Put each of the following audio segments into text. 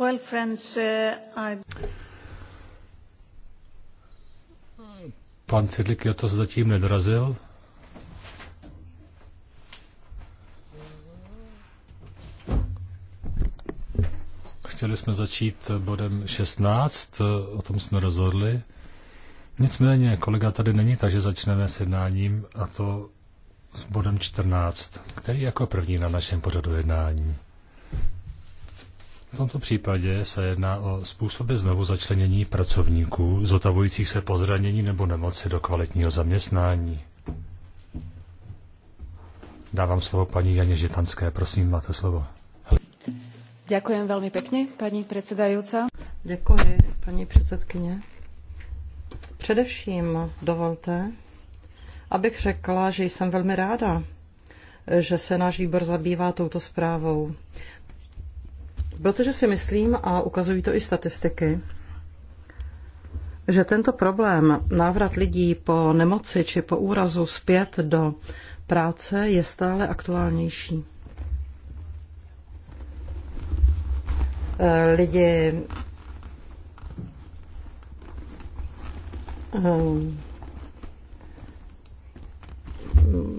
Uh, Pan Sidlik to zatím nedorazil. Chtěli jsme začít bodem 16, o tom jsme rozhodli. Nicméně kolega tady není, takže začneme s jednáním a to s bodem 14, který je jako první na našem pořadu jednání. V tomto případě se jedná o způsoby znovu začlenění pracovníků zotavujících se po zranění nebo nemoci do kvalitního zaměstnání. Dávám slovo paní Janě Žitanské. Prosím, máte slovo. Děkuji velmi pěkně, paní předsedající. Děkuji, paní předsedkyně. Především dovolte, abych řekla, že jsem velmi ráda, že se náš výbor zabývá touto zprávou, Protože si myslím, a ukazují to i statistiky, že tento problém návrat lidí po nemoci či po úrazu zpět do práce je stále aktuálnější. Eh, lidi eh,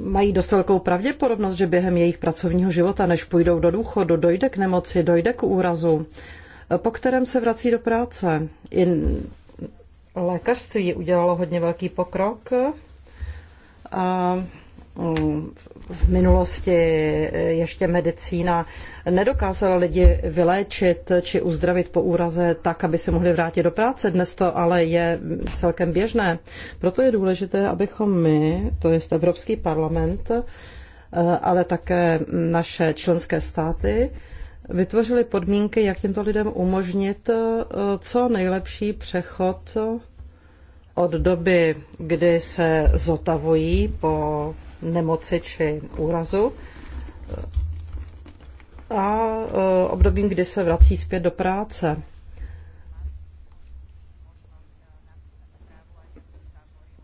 mají dost velkou pravděpodobnost, že během jejich pracovního života, než půjdou do důchodu, dojde k nemoci, dojde k úrazu, po kterém se vrací do práce. I lékařství udělalo hodně velký pokrok. A Mm, v minulosti ještě medicína nedokázala lidi vyléčit či uzdravit po úraze tak, aby se mohli vrátit do práce. Dnes to ale je celkem běžné. Proto je důležité, abychom my, to je Evropský parlament, eh, ale také naše členské státy, vytvořili podmínky, jak těmto lidem umožnit eh, co nejlepší přechod od doby, kdy se zotavují po nemoci či úrazu a e, obdobím, kdy se vrací zpět do práce.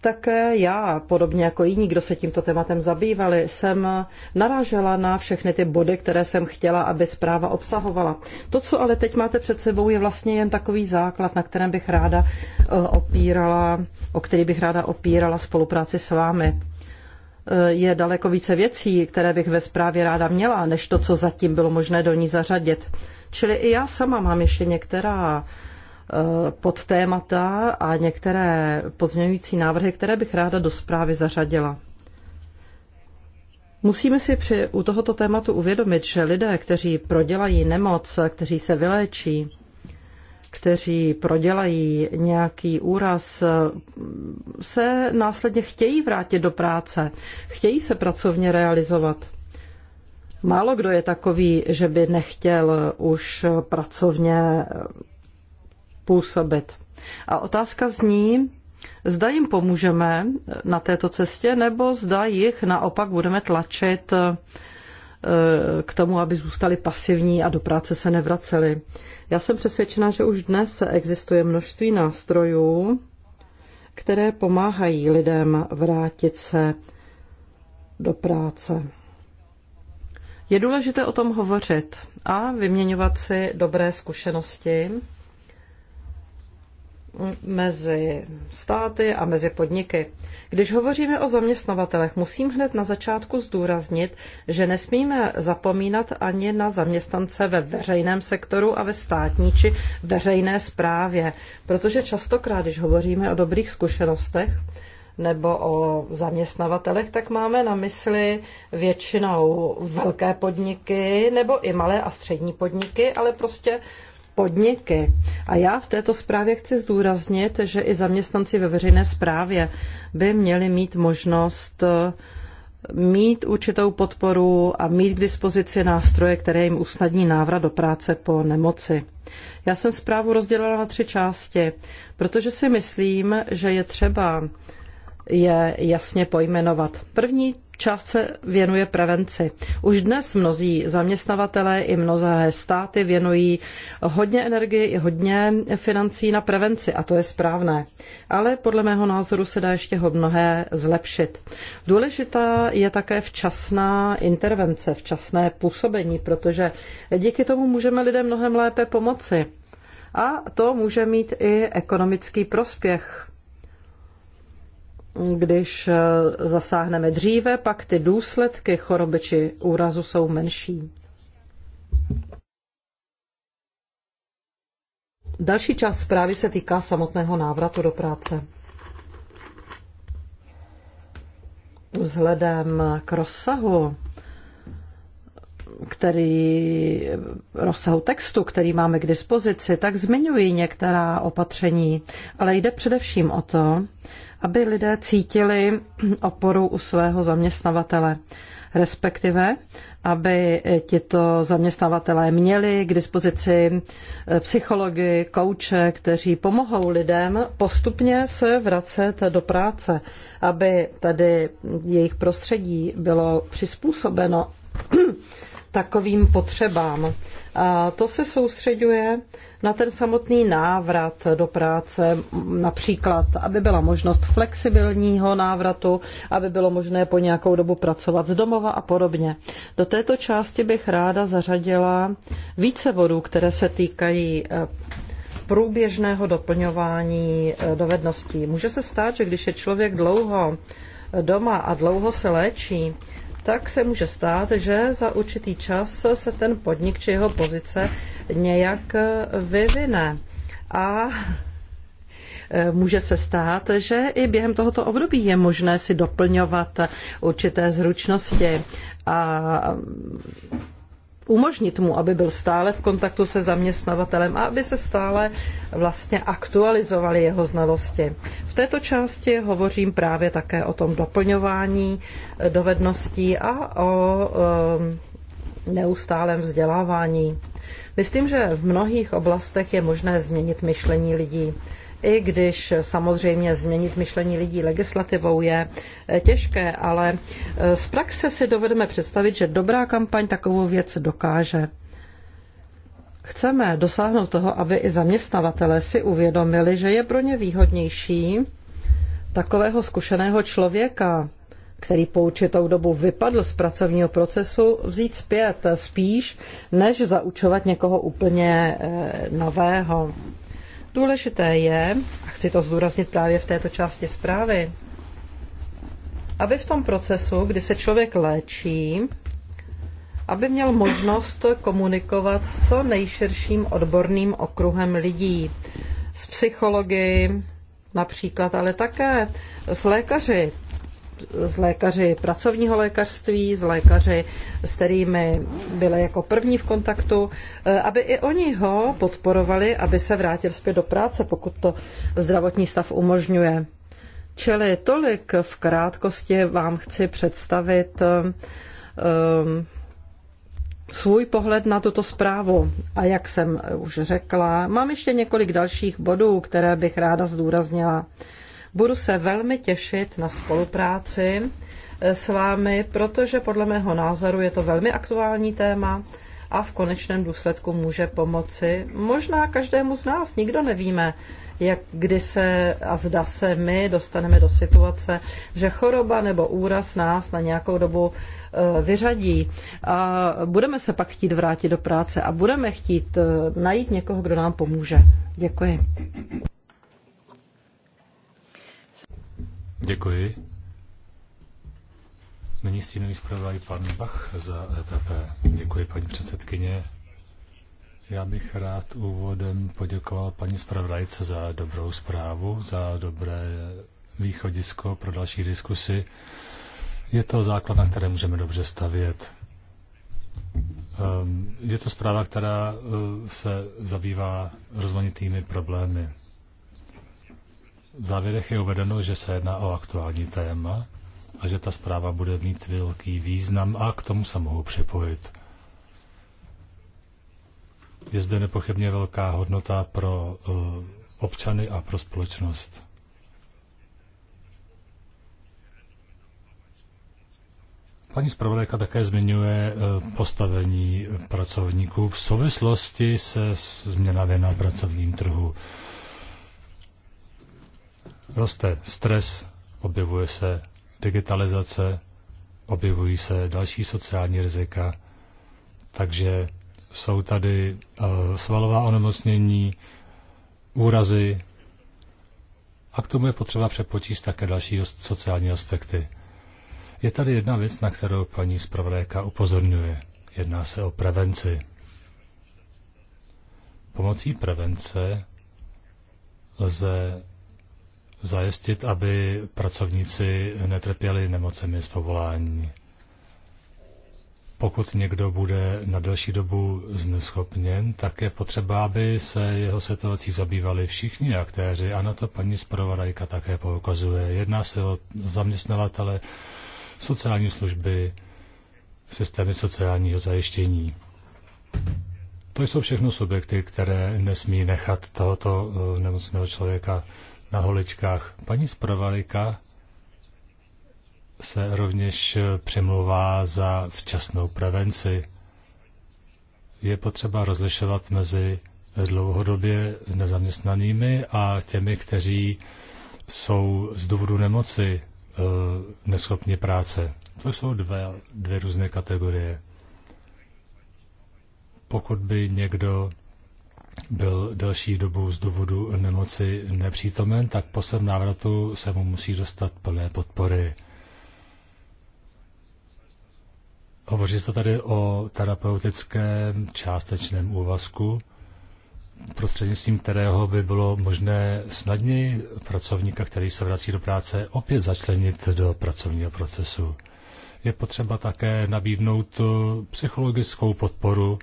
Také já, podobně jako jiní, kdo se tímto tématem zabývali, jsem narážela na všechny ty body, které jsem chtěla, aby zpráva obsahovala. To, co ale teď máte před sebou, je vlastně jen takový základ, na kterém bych ráda e, opírala, o který bych ráda opírala spolupráci s vámi. Eh, je daleko více věcí, které bych ve zprávě ráda měla, než to, co zatím bylo možné do ní zařadit. Čili i já sama mám ještě některá eh, podtémata a některé pozměňující návrhy, které bych ráda do zprávy zařadila. Musíme si při, u tohoto tématu uvědomit, že lidé, kteří prodělají nemoc, kteří se vyléčí, kteří prodělají nějaký úraz, se následně chtějí vrátit do práce, chtějí se pracovně realizovat. Málo kdo je takový, že by nechtěl už pracovně působit. A otázka zní, zda jim pomůžeme na této cestě, nebo zda jich naopak budeme tlačit Eh, k tomu, aby zůstali pasivní a do práce se nevraceli. Já jsem přesvědčena, že už dnes existuje množství nástrojů, které pomáhají lidem vrátit se do práce. Je důležité o tom hovořit a vyměňovat si dobré zkušenosti mezi státy a mezi podniky. Když hovoříme o zaměstnavatelech, musím hned na začátku zdůraznit, že nesmíme zapomínat ani na zaměstnance ve veřejném sektoru a ve státní či veřejné správě, protože častokrát, když hovoříme o dobrých zkušenostech, nebo o zaměstnavatelech, tak máme na mysli většinou velké podniky nebo i malé a střední podniky, ale prostě podniky. A já v této zprávě chci zdůraznit, že i zaměstnanci ve veřejné zprávě by měli mít možnost eh, mít určitou podporu a mít k dispozici nástroje, které jim usnadní návrat do práce po nemoci. Já jsem zprávu rozdělila na tři části, protože si myslím, že je třeba je jasně pojmenovat. První část se věnuje prevenci. Už dnes mnozí zaměstnavatelé i mnozé státy věnují hodně energie i hodně financí na prevenci a to je správné. Ale podle mého názoru se dá ještě ho mnohé zlepšit. Důležitá je také včasná intervence, včasné působení, protože díky tomu můžeme lidem mnohem lépe pomoci. A to může mít i ekonomický prospěch když eh, zasáhneme dříve, pak ty důsledky choroby či úrazu jsou menší. Další část zprávy se týká samotného návratu do práce. Vzhledem k rozsahu, který, rozsahu textu, který máme k dispozici, tak zmiňuji některá opatření, ale jde především o to, aby lidé cítili oporu u svého zaměstnavatele, respektive aby tito zaměstnavatelé měli k dispozici eh, psychologi, kouče, kteří pomohou lidem postupně se vracet do práce, aby tady jejich prostředí bylo přizpůsobeno takovým potřebám. A to se soustředuje na ten samotný návrat do práce, například, aby byla možnost flexibilního návratu, aby bylo možné po nějakou dobu pracovat z domova a podobně. Do této části bych ráda zařadila více bodů, které se týkají eh, průběžného doplňování eh, dovedností. Může se stát, že když je člověk dlouho eh, doma a dlouho se léčí, tak se může stát, že za určitý čas se ten podnik či jeho pozice nějak vyvine. A e, může se stát, že i během tohoto období je možné si doplňovat určité zručnosti a umožnit mu, aby byl stále v kontaktu se zaměstnavatelem a aby se stále vlastně aktualizovaly jeho znalosti. V této části hovořím právě také o tom doplňování eh, dovedností a o eh, neustálém vzdělávání. Myslím, že v mnohých oblastech je možné změnit myšlení lidí i když samozřejmě změnit myšlení lidí legislativou je eh, těžké, ale eh, z praxe si dovedeme představit, že dobrá kampaň takovou věc dokáže. Chceme dosáhnout toho, aby i zaměstnavatele si uvědomili, že je pro ně výhodnější takového zkušeného člověka, který po určitou dobu vypadl z pracovního procesu, vzít zpět eh, spíš, než zaučovat někoho úplně nového. Důležité je, a chci to zdůraznit právě v této části zprávy, aby v tom procesu, kdy se člověk léčí, aby měl možnost komunikovat s co nejširším odborným okruhem lidí, s psychologi například, ale také s lékaři, s lékaři pracovního lékařství, s lékaři, s kterými byli jako první v kontaktu, e, aby i oni ho podporovali, aby se vrátil zpět do práce, pokud to zdravotní stav umožňuje. Čili tolik v krátkosti vám chci představit um, svůj pohled na tuto zprávu. A jak jsem už řekla, mám ještě několik dalších bodů, které bych ráda zdůraznila. Budu se velmi těšit na spolupráci eh, s vámi, protože podle mého názoru je to velmi aktuální téma a v konečném důsledku může pomoci možná každému z nás, nikdo nevíme, jak kdy se a zda se my dostaneme do situace, že choroba nebo úraz nás na nějakou dobu eh, vyřadí a budeme se pak chtít vrátit do práce a budeme chtít eh, najít někoho, kdo nám pomůže. Děkuji. Děkuji. Nyní stínový zpravodaj pan Bach za EPP. Děkuji, paní předsedkyně. Já bych rád úvodem poděkoval paní zpravodajce za dobrou zprávu, za dobré východisko pro další diskusy. Je to základ, na které můžeme dobře stavět. Ehm, je to zpráva, která eh, se zabývá rozmanitými problémy. V závěrech je uvedeno, že se jedná o aktuální téma a že ta zpráva bude mít velký význam a k tomu se mohu připojit. Je zde nepochybně velká hodnota pro eh, občany a pro společnost. Paní zpravodajka také zmiňuje eh, postavení pracovníků v souvislosti se změnami na pracovním trhu roste stres, objevuje se digitalizace, objevují se další sociální rizika, takže jsou tady eh, svalová onemocnění, úrazy a k tomu je potřeba přepočíst také další sociální aspekty. Je tady jedna věc, na kterou paní zpravodajka upozorňuje. Jedná se o prevenci. Pomocí prevence lze zajistit, aby pracovníci netrpěli nemocemi z povolání. Pokud někdo bude na delší dobu zneschopněn, tak je potřeba, aby se jeho situací zabývali všichni aktéři a na to paní zpravodajka také poukazuje. Jedná se o zaměstnavatele, sociální služby, systémy sociálního zajištění. To jsou všechno subjekty, které nesmí nechat tohoto eh, nemocného člověka na holičkách. Paní zpravodajka se rovněž přemluvá za včasnou prevenci. Je potřeba rozlišovat mezi dlouhodobě nezaměstnanými a těmi, kteří jsou z důvodu nemoci eh, neschopni práce. To jsou dvě, dvě různé kategorie. Pokud by někdo byl delší dobu z důvodu nemoci nepřítomen, tak po svém návratu se mu musí dostat plné podpory. Hovoří se tady o terapeutickém částečném úvazku, prostřednictvím kterého by bylo možné snadněji pracovníka, který se vrací do práce, opět začlenit do pracovního procesu. Je potřeba také nabídnout psychologickou podporu,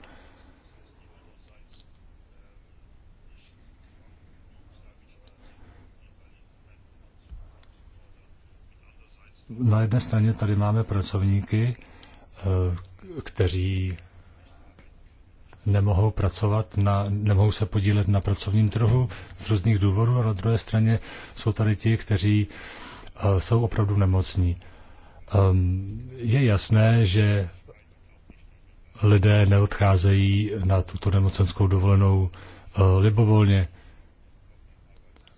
na jedné straně tady máme pracovníky, eh, kteří nemohou pracovat, na, nemohou se podílet na pracovním trhu z různých důvodů a na druhé straně jsou tady ti, kteří eh, jsou opravdu nemocní. Ehm, je jasné, že lidé neodcházejí na tuto nemocenskou dovolenou eh, libovolně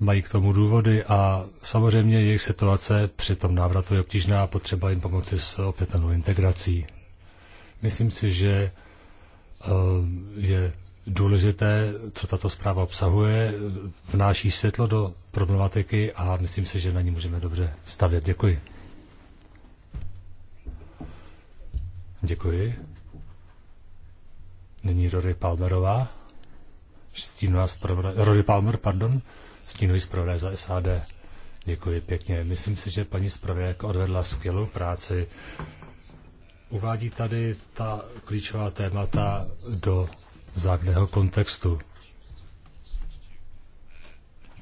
mají k tomu důvody a samozřejmě jejich situace při tom návratu je obtížná a potřeba jim pomoci s opětovnou integrací. Myslím si, že eh, je důležité, co tato zpráva obsahuje, vnáší světlo do problematiky a myslím si, že na ní můžeme dobře stavět. Děkuji. Děkuji. Nyní Rory Palmerová. Stínová Rory Palmer, pardon stínový zpravodaj za SAD. Děkuji pěkně. Myslím si, že paní zpravodajka odvedla skvělou práci. Uvádí tady ta klíčová témata do základného kontextu.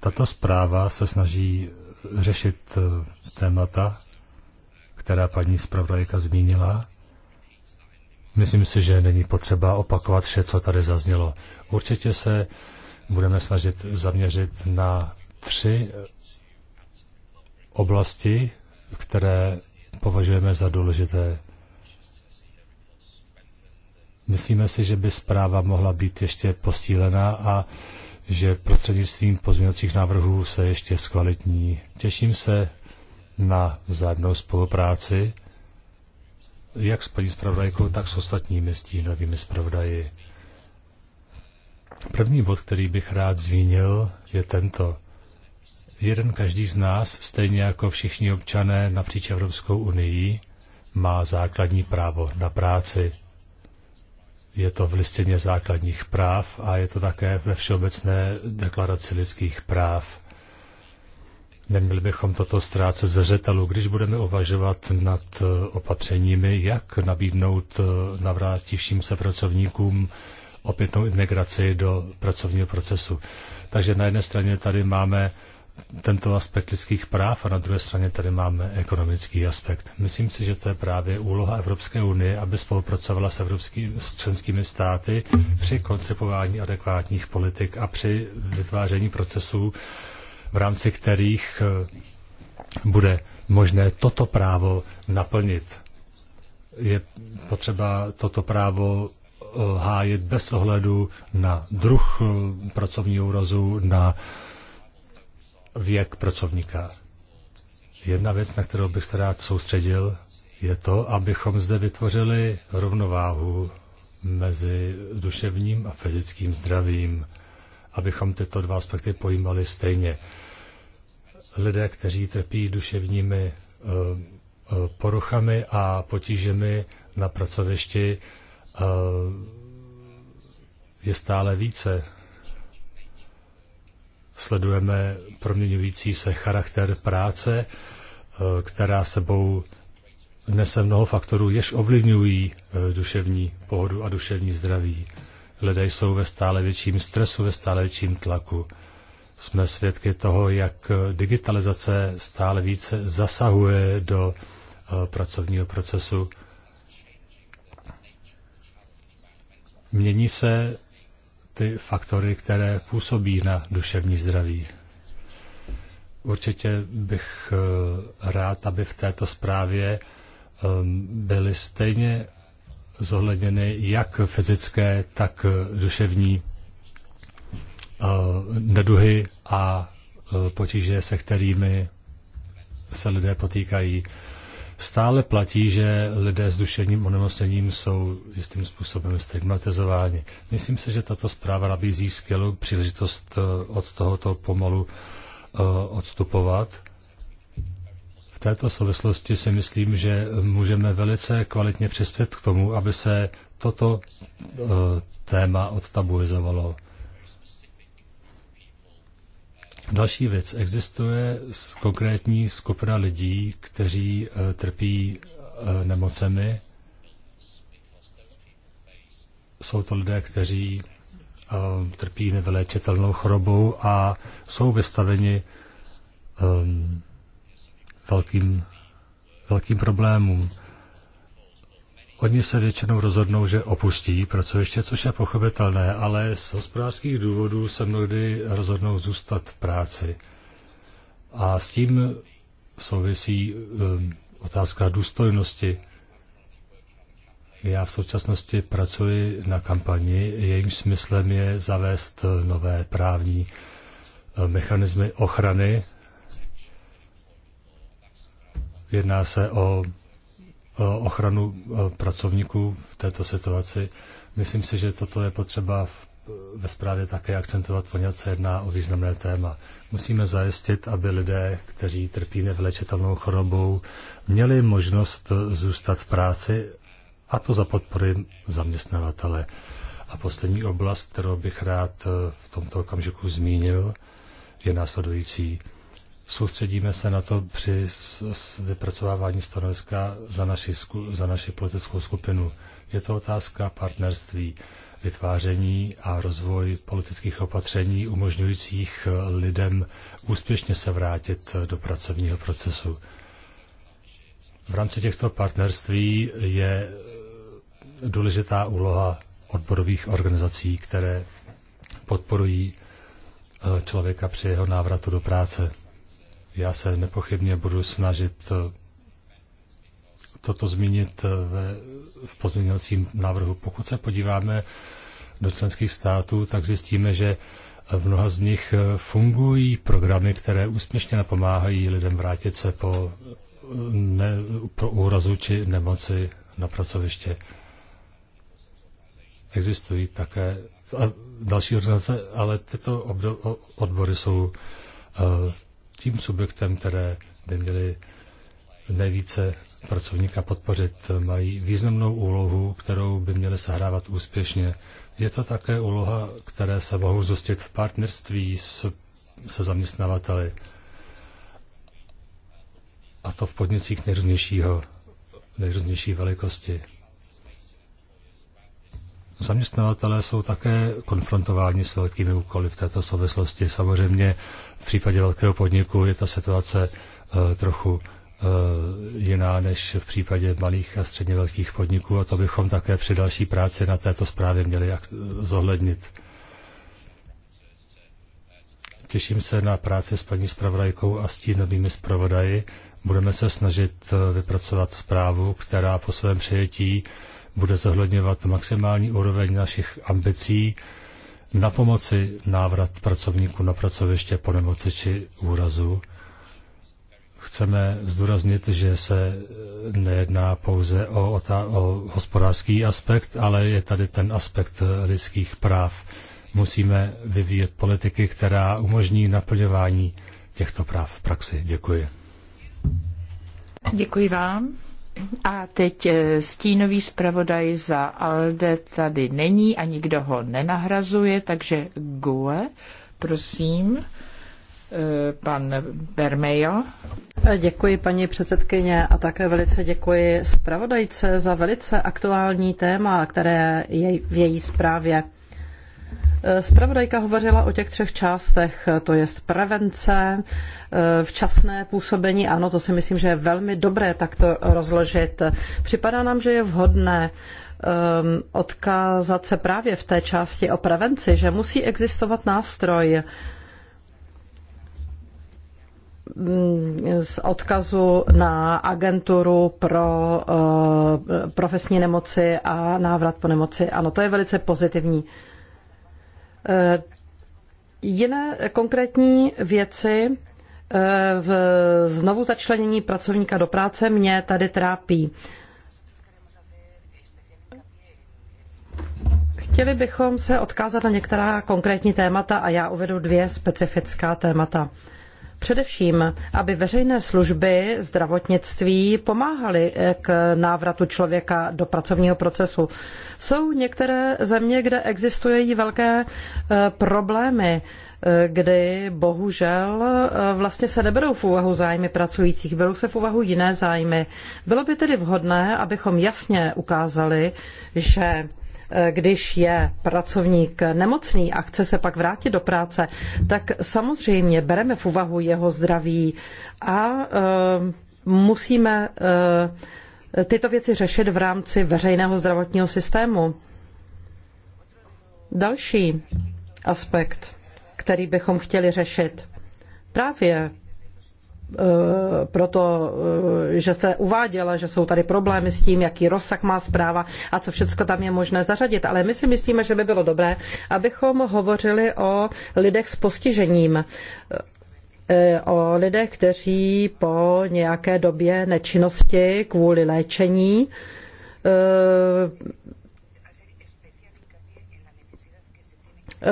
Tato zpráva se snaží řešit eh, témata, která paní zpravodajka zmínila. Myslím si, že není potřeba opakovat vše, co tady zaznělo. Určitě se budeme snažit zaměřit na tři oblasti, které považujeme za důležité. Myslíme si, že by zpráva mohla být ještě posílena a že prostřednictvím pozměňovacích návrhů se ještě zkvalitní. Těším se na vzájemnou spolupráci jak s paní zpravodajkou, tak s ostatními stínovými zpravodaji. První bod, který bych rád zmínil, je tento. Jeden každý z nás, stejně jako všichni občané napříč Evropskou unii, má základní právo na práci. Je to v listině základních práv a je to také ve Všeobecné deklaraci lidských práv. Neměli bychom toto ztrácet ze řetelu, když budeme uvažovat nad eh, opatřeními, jak nabídnout eh, navrátivším se pracovníkům opětnou integraci do pracovního procesu. Takže na jedné straně tady máme tento aspekt lidských práv a na druhé straně tady máme ekonomický aspekt. Myslím si, že to je právě úloha Evropské unie, aby spolupracovala s, evropský, s členskými státy při koncepování adekvátních politik a při vytváření procesů, v rámci kterých eh, bude možné toto právo naplnit. Je potřeba toto právo hájit bez ohledu na druh eh, pracovního úrazu, na věk pracovníka. Jedna věc, na kterou bych se rád soustředil, je to, abychom zde vytvořili rovnováhu mezi duševním a fyzickým zdravím, abychom tyto dva aspekty pojímali stejně. Lidé, kteří trpí duševními eh, eh, poruchami a potížemi na pracovišti, Eh, je stále více. Sledujeme proměňující se charakter práce, eh, která sebou nese mnoho faktorů, jež ovlivňují eh, duševní pohodu a duševní zdraví. Lidé jsou ve stále větším stresu, ve stále větším tlaku. Jsme svědky toho, jak digitalizace stále více zasahuje do pracovního procesu Mění se ty faktory, které působí na duševní zdraví. Určitě bych eh, rád, aby v této zprávě ehm, byly stejně zohledněny jak fyzické, tak eh, duševní eh, neduhy a potíže, se kterými se lidé potýkají. Stále platí, že lidé s duševním onemocněním jsou jistým způsobem stigmatizováni. Myslím si, že tato zpráva nabízí skvělou příležitost eh, od tohoto pomalu eh, odstupovat. V této souvislosti si myslím, že můžeme velice kvalitně přispět k tomu, aby se toto eh, téma odtabuizovalo. Další věc. Existuje konkrétní skupina lidí, kteří eh, trpí eh, nemocemi. Jsou to lidé, kteří eh, trpí nevyléčitelnou chorobou a jsou vystaveni um, velkým, velkým problémům. Oni se většinou rozhodnou, že opustí pracoviště, což je pochopitelné, ale z hospodářských důvodů se mnohdy rozhodnou zůstat v práci. A s tím souvisí um, otázka důstojnosti. Já v současnosti pracuji na kampani, jejím smyslem je zavést nové právní eh, mechanismy ochrany. Jedná se o Eh, ochranu eh, pracovníků v této situaci. Myslím si, že toto je potřeba v, eh, ve zprávě také akcentovat, poněvadž se jedná o významné téma. Musíme zajistit, aby lidé, kteří trpí nevlečitelnou chorobou, měli možnost zůstat v práci a to za podpory zaměstnavatele. A poslední oblast, kterou bych rád v tomto okamžiku zmínil, je následující soustředíme se na to při vypracovávání stanoviska za naši, za naši politickou skupinu. Je to otázka partnerství, vytváření a rozvoj politických opatření umožňujících lidem úspěšně se vrátit do pracovního procesu. V rámci těchto partnerství je důležitá úloha odborových organizací, které podporují eh, člověka při jeho návratu do práce. Já se nepochybně budu snažit eh, toto zmínit eh, ve, v pozměňovacím návrhu. Pokud se podíváme do členských států, tak zjistíme, že v mnoha z nich eh, fungují programy, které úspěšně napomáhají lidem vrátit se po, ne, po úrazu či nemoci na pracoviště. Existují také a další organizace, ale tyto odbory jsou tím subjektem, které by měly nejvíce pracovníka podpořit. Mají významnou úlohu, kterou by měly sehrávat úspěšně. Je to také úloha, které se mohou zostit v partnerství s, se zaměstnavateli. A to v podnicích nejrůznějšího, nejrůznější velikosti. Zaměstnavatelé jsou také konfrontováni s velkými úkoly v této souvislosti. Samozřejmě v případě velkého podniku je ta situace eh, trochu eh, jiná než v případě malých a středně velkých podniků a to bychom také při další práci na této zprávě měli zohlednit. Těším se na práci s paní zpravodajkou a novými zpravodaji. Budeme se snažit eh, vypracovat zprávu, která po svém přijetí bude zohledňovat maximální úroveň našich ambicí na pomoci návrat pracovníků na pracoviště po nemoci či úrazu. Chceme zdůraznit, že se eh, nejedná pouze o, o hospodářský aspekt, ale je tady ten aspekt eh, lidských práv. Musíme vyvíjet politiky, která umožní naplňování těchto práv v praxi. Děkuji. Děkuji vám. A teď eh, stínový zpravodaj za ALDE tady není a nikdo ho nenahrazuje, takže GUE, prosím, eh, pan Bermejo. Eh, děkuji paní předsedkyně a také velice děkuji zpravodajce za velice aktuální téma, které je v její zprávě. Eh, Spravodajka hovořila o těch třech částech, eh, to je prevence, eh, včasné působení. Ano, to si myslím, že je velmi dobré takto rozložit. Připadá nám, že je vhodné ehm, odkázat se právě v té části o prevenci, že musí existovat nástroj mm, z odkazu na agenturu pro profesní nemoci a návrat po nemoci. Ano, to je velice pozitivní. Eh, jiné konkrétní věci eh, v znovu začlenění pracovníka do práce mě tady trápí. Chtěli bychom se odkázat na některá konkrétní témata a já uvedu dvě specifická témata. Především, aby veřejné služby zdravotnictví pomáhaly eh, k návratu člověka do pracovního procesu. Jsou některé země, kde existují velké eh, problémy, eh, kdy bohužel vlastně se neberou v úvahu zájmy pracujících, berou se v úvahu jiné zájmy. Bylo by tedy vhodné, abychom jasně ukázali, že Eh, když je pracovník nemocný a chce se pak vrátit do práce, tak samozřejmě bereme v úvahu jeho zdraví a eh, musíme eh, tyto věci řešit v rámci veřejného zdravotního systému. Další aspekt, který bychom chtěli řešit, právě Eh, proto, eh, že se uváděla, že jsou tady problémy s tím, jaký rozsah má zpráva a co všechno tam je možné zařadit. Ale my si myslíme, že by bylo dobré, abychom hovořili o lidech s postižením eh, o lidech, kteří po nějaké době nečinnosti kvůli léčení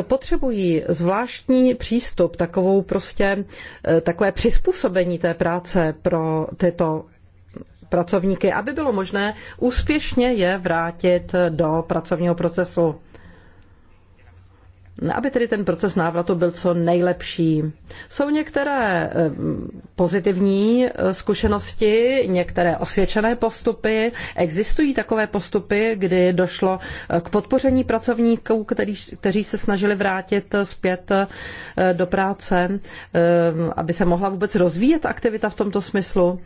potřebují zvláštní přístup, takovou prostě, eh, takové přizpůsobení té práce pro tyto pracovníky, aby bylo možné úspěšně je vrátit do pracovního procesu aby tedy ten proces návratu byl co nejlepší. Jsou některé eh, pozitivní eh, zkušenosti, některé osvědčené postupy. Existují takové postupy, kdy došlo eh, k podpoření pracovníků, který, kteří se snažili vrátit zpět do práce, aby se mohla vůbec rozvíjet aktivita v tomto smyslu.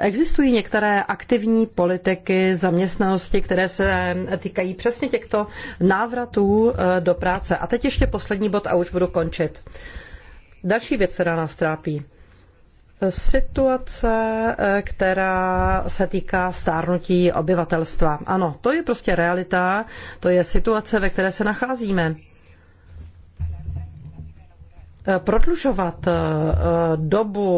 Existují některé aktivní politiky zaměstnanosti, které se týkají přesně těchto návratů eh, do práce. A teď ještě poslední bod a už budu končit. Další věc, která nás trápí. Situace, eh, která se týká stárnutí obyvatelstva. Ano, to je prostě realita, to je situace, ve které se nacházíme. Prodlužovat eh, dobu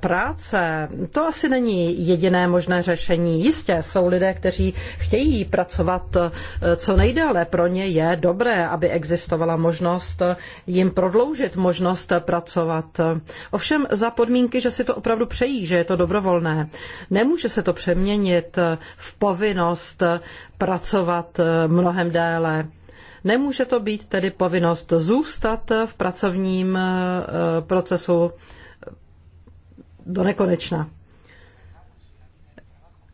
práce, to asi není jediné možné řešení. Jistě jsou lidé, kteří chtějí pracovat eh, co nejdéle. Pro ně je dobré, aby existovala možnost eh, jim prodloužit možnost pracovat. Ovšem za podmínky, že si to opravdu přejí, že je to dobrovolné. Nemůže se to přeměnit v povinnost pracovat mnohem déle. Nemůže to být tedy povinnost zůstat v pracovním eh, procesu eh, do nekonečna.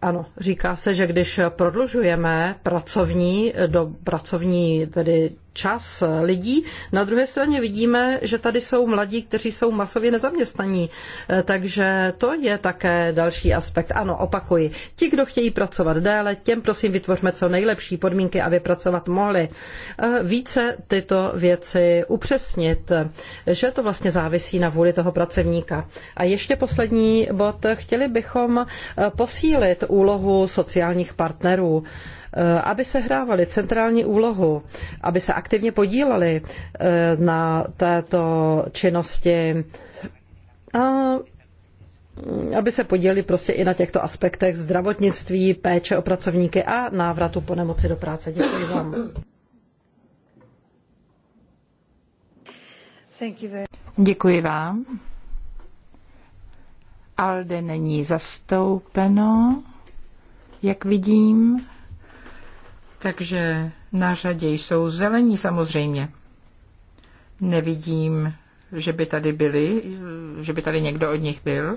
Ano, říká se, že když prodlužujeme pracovní, do pracovní tedy čas lidí. Na druhé straně vidíme, že tady jsou mladí, kteří jsou masově nezaměstnaní. Eh, takže to je také další aspekt. Ano, opakuji. Ti, kdo chtějí pracovat déle, těm prosím vytvořme co nejlepší podmínky, aby pracovat mohli. Eh, více tyto věci upřesnit, že to vlastně závisí na vůli toho pracovníka. A ještě poslední bod. Chtěli bychom eh, posílit úlohu sociálních partnerů. Eh, aby se hrávali centrální úlohu, aby se aktivně podíleli eh, na této činnosti a mm, aby se podíleli prostě i na těchto aspektech zdravotnictví, péče o pracovníky a návratu po nemoci do práce. Děkuji vám. Děkuji vám. Alde není zastoupeno, jak vidím. Takže na řadě jsou zelení samozřejmě. Nevidím, že by tady byli, že by tady někdo od nich byl.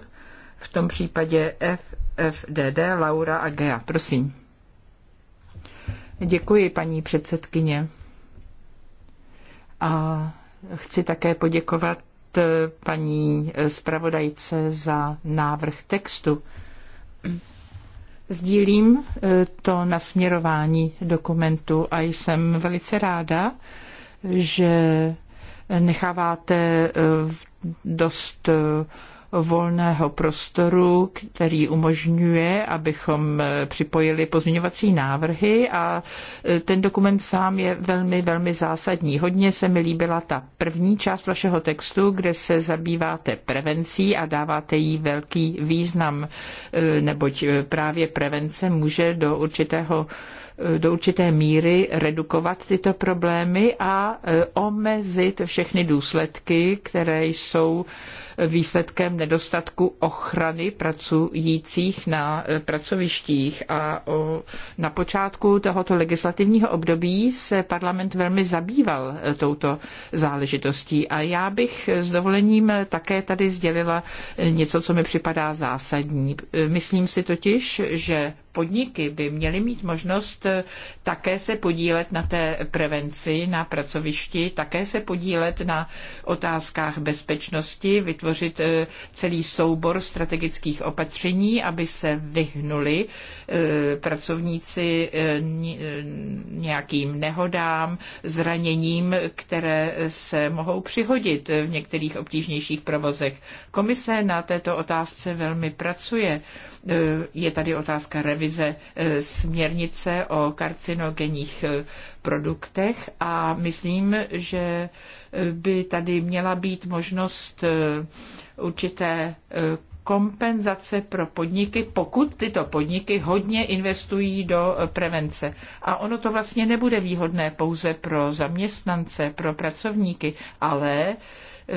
V tom případě FFDD, Laura a Gea. Prosím. Děkuji, paní předsedkyně. A chci také poděkovat eh, paní eh, zpravodajce za návrh textu. Sdílím eh, to nasměrování dokumentu a jsem velice ráda, že necháváte eh, dost eh, volného prostoru, který umožňuje, abychom eh, připojili pozměňovací návrhy a eh, ten dokument sám je velmi, velmi zásadní. Hodně se mi líbila ta první část vašeho textu, kde se zabýváte prevencí a dáváte jí velký význam, eh, neboť právě prevence může do určitého do určité míry redukovat tyto problémy a omezit všechny důsledky, které jsou výsledkem nedostatku ochrany pracujících na e, pracovištích. A na počátku tohoto legislativního období se parlament velmi zabýval e, touto záležitostí. A já bych e, s dovolením také tady sdělila něco, co mi připadá zásadní. Myslím si totiž, že podniky by měly mít možnost eh, také se podílet na té prevenci na pracovišti, také se podílet na otázkách bezpečnosti, vytvořit eh, celý soubor strategických opatření, aby se vyhnuli eh, pracovníci nějakým nehodám, zraněním, které se mohou přihodit v některých obtížnějších provozech. Komise na této otázce velmi pracuje. Je tady otázka revize revize eh, směrnice o karcinogenních eh, produktech a myslím, že eh, by tady měla být možnost určité kompenzace pro podniky, pokud tyto podniky hodně investují do prevence. A ono to vlastně nebude výhodné pouze pro zaměstnance, pro pracovníky, ale Eh,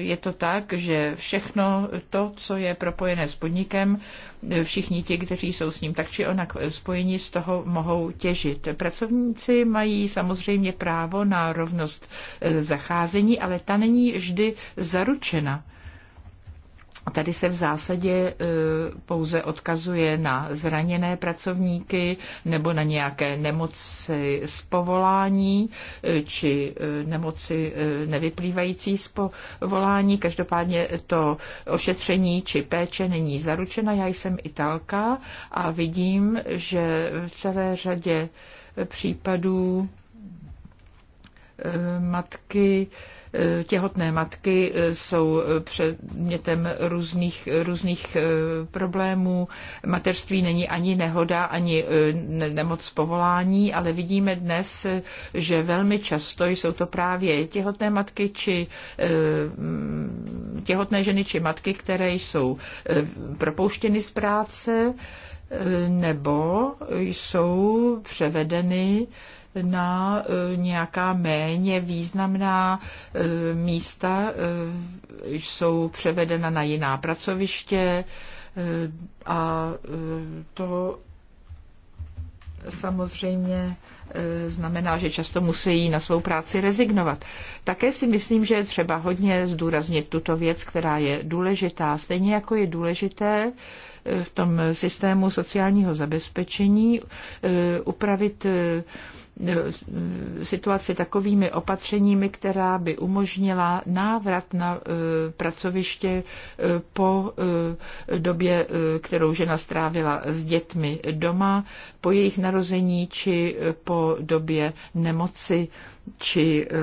je to tak, že všechno to, co je propojené s podnikem, eh, všichni ti, kteří jsou s ním tak či onak spojeni, z toho mohou těžit. Pracovníci mají samozřejmě právo na rovnost eh, zacházení, ale ta není vždy zaručena Tady se v zásadě e, pouze odkazuje na zraněné pracovníky nebo na nějaké nemoci z povolání e, či e, nemoci nevyplývající z povolání. Každopádně to ošetření či péče není zaručena. Já jsem Italka a vidím, že v celé řadě případů matky, eh, těhotné matky eh, jsou předmětem různých, různých eh, problémů. Mateřství není ani nehoda, ani nemoc povolání, ale vidíme dnes, že velmi často jsou to právě těhotné matky či mm, těhotné ženy či matky, které jsou propouštěny z práce nebo jsou převedeny na eh, nějaká méně významná eh, místa, eh, jsou převedena na jiná pracoviště a to samozřejmě znamená, že často musí na svou práci rezignovat. Také si myslím, že je třeba hodně zdůraznit tuto věc, která je důležitá, stejně jako je důležité v tom systému sociálního zabezpečení upravit Eh, situaci takovými opatřeními, která by umožnila návrat na eh, pracoviště eh, po době, kterou žena strávila s dětmi doma, po jejich narození či po době nemoci či eh,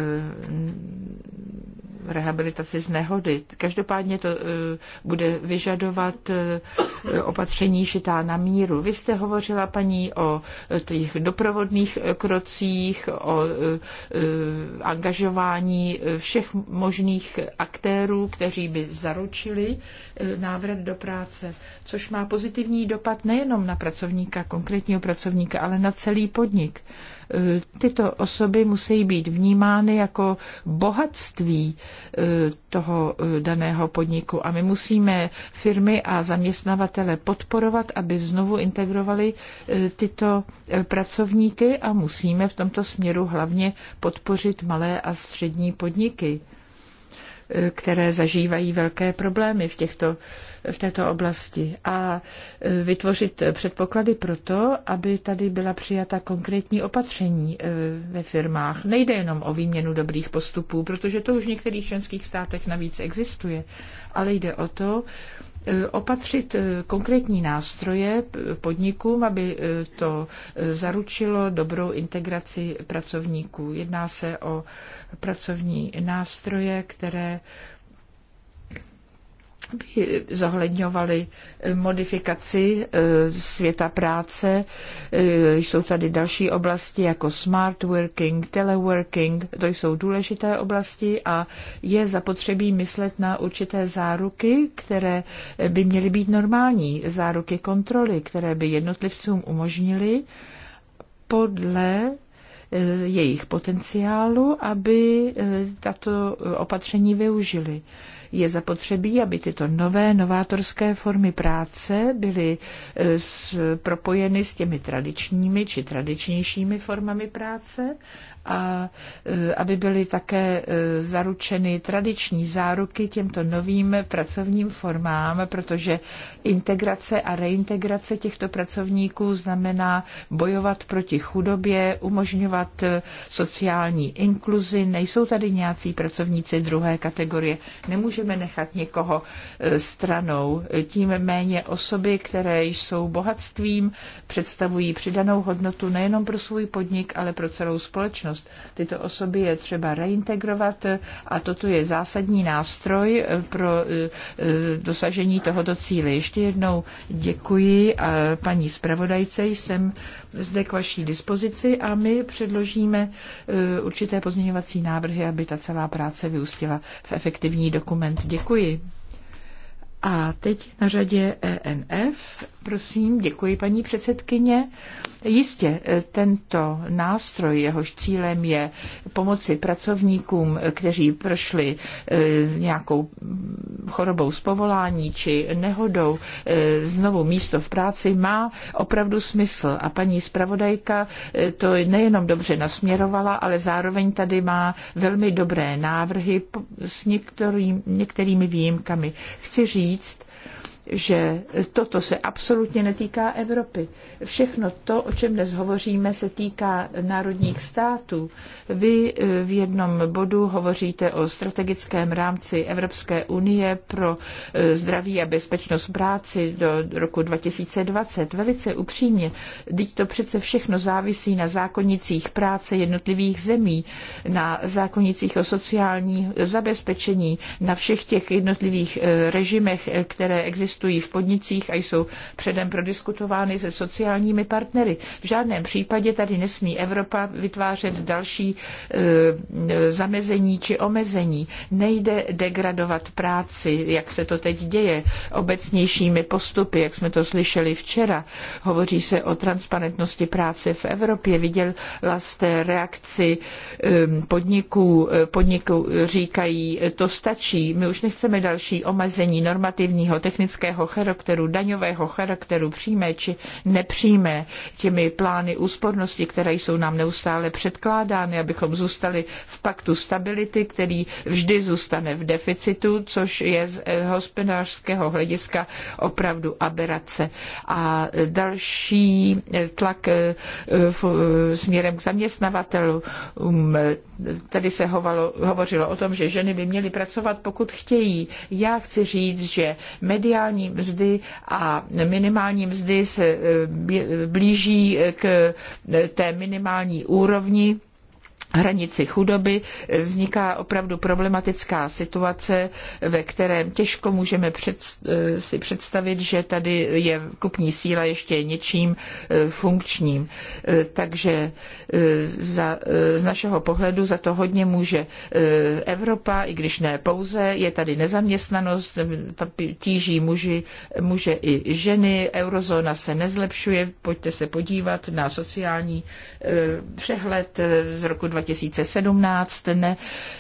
rehabilitaci z nehody. Každopádně to eh, bude vyžadovat eh, opatření šitá na míru. Vy jste hovořila, paní, o těch doprovodných krocích, o angažování všech možných aktérů, kteří by zaručili návrat do práce což má pozitivní dopad nejenom na pracovníka, konkrétního pracovníka, ale na celý podnik. E, tyto osoby musí být vnímány jako bohatství e, toho e, daného podniku a my musíme firmy a zaměstnavatele podporovat, aby znovu integrovali tyto pracovníky a musíme v tomto směru hlavně podpořit malé a střední podniky které zažívají velké problémy v, těchto, v této oblasti a e, vytvořit předpoklady pro to, aby tady byla přijata konkrétní opatření e, ve firmách. Nejde jenom o výměnu dobrých postupů, protože to už v některých členských státech navíc existuje, ale jde o to, e, opatřit konkrétní nástroje podnikům, aby to zaručilo dobrou integraci pracovníků. Jedná se o pracovní nástroje, které by zohledňovaly eh, modifikaci eh, světa práce. Eh, jsou tady další oblasti jako smart working, teleworking, to jsou důležité oblasti a je zapotřebí myslet na určité záruky, které by měly být normální, záruky kontroly, které by jednotlivcům umožnily podle jejich potenciálu, aby eh, tato opatření využili. Je zapotřebí, aby tyto nové novátorské formy práce byly eh, propojeny s těmi tradičními či tradičnějšími formami práce a e, aby byly také e, zaručeny tradiční záruky těmto novým pracovním formám, protože integrace a reintegrace těchto pracovníků znamená bojovat proti chudobě, umožňovat e, sociální inkluzi. Nejsou tady nějací pracovníci druhé kategorie. Nemůžeme nechat někoho stranou. Tím méně osoby, které jsou bohatstvím, představují přidanou hodnotu nejenom pro svůj podnik, ale pro celou společnost společnost. Tyto osoby je třeba reintegrovat a toto je zásadní nástroj pro eh, eh, dosažení tohoto cíle. Ještě jednou děkuji a paní zpravodajce jsem zde k vaší dispozici a my předložíme eh, určité pozměňovací návrhy, aby ta celá práce vyústila v efektivní dokument. Děkuji. A teď na řadě ENF Prosím, děkuji paní předsedkyně. Jistě eh, tento nástroj, jehož cílem je pomoci pracovníkům, kteří prošli eh, nějakou chorobou z povolání či nehodou eh, znovu místo v práci, má opravdu smysl. A paní zpravodajka to nejenom dobře nasměrovala, ale zároveň tady má velmi dobré návrhy s některým, některými výjimkami. Chci říct, že toto se absolutně netýká Evropy. Všechno to, o čem dnes hovoříme, se týká národních států. Vy eh, v jednom bodu hovoříte o strategickém rámci Evropské unie pro eh, zdraví a bezpečnost práci do roku 2020. Velice upřímně, teď to přece všechno závisí na zákonnicích práce jednotlivých zemí, na zákonnicích o sociální zabezpečení, na všech těch jednotlivých eh, režimech, které existují existují v podnicích a jsou předem prodiskutovány se sociálními partnery. V žádném případě tady nesmí Evropa vytvářet další e, zamezení či omezení. Nejde degradovat práci, jak se to teď děje, obecnějšími postupy, jak jsme to slyšeli včera. Hovoří se o transparentnosti práce v Evropě. Viděla jste reakci ehm, podniků, eh, podniků říkají, to stačí, my už nechceme další omezení normativního, technického ekonomického charakteru, daňového charakteru, přímé či nepřímé, těmi plány úspornosti, které jsou nám neustále předkládány, abychom zůstali v paktu stability, který vždy zůstane v deficitu, což je z eh, hospodářského hlediska opravdu aberace. A další eh, tlak eh, směrem k zaměstnavatelům. Tady se hovalo, hovořilo o tom, že ženy by měly pracovat, pokud chtějí. Já chci říct, že mediální minimální mzdy a minimální mzdy se eh, blíží k té minimální úrovni hranici chudoby vzniká opravdu problematická situace, ve které těžko můžeme před, eh, si představit, že tady je kupní síla ještě něčím eh, funkčním. Eh, takže za, z našeho pohledu za to hodně může Evropa, i když ne pouze, je tady nezaměstnanost, tíží muži, muže i ženy, eurozóna se nezlepšuje, pojďte se podívat na sociální přehled z roku 2000 2017. Ne,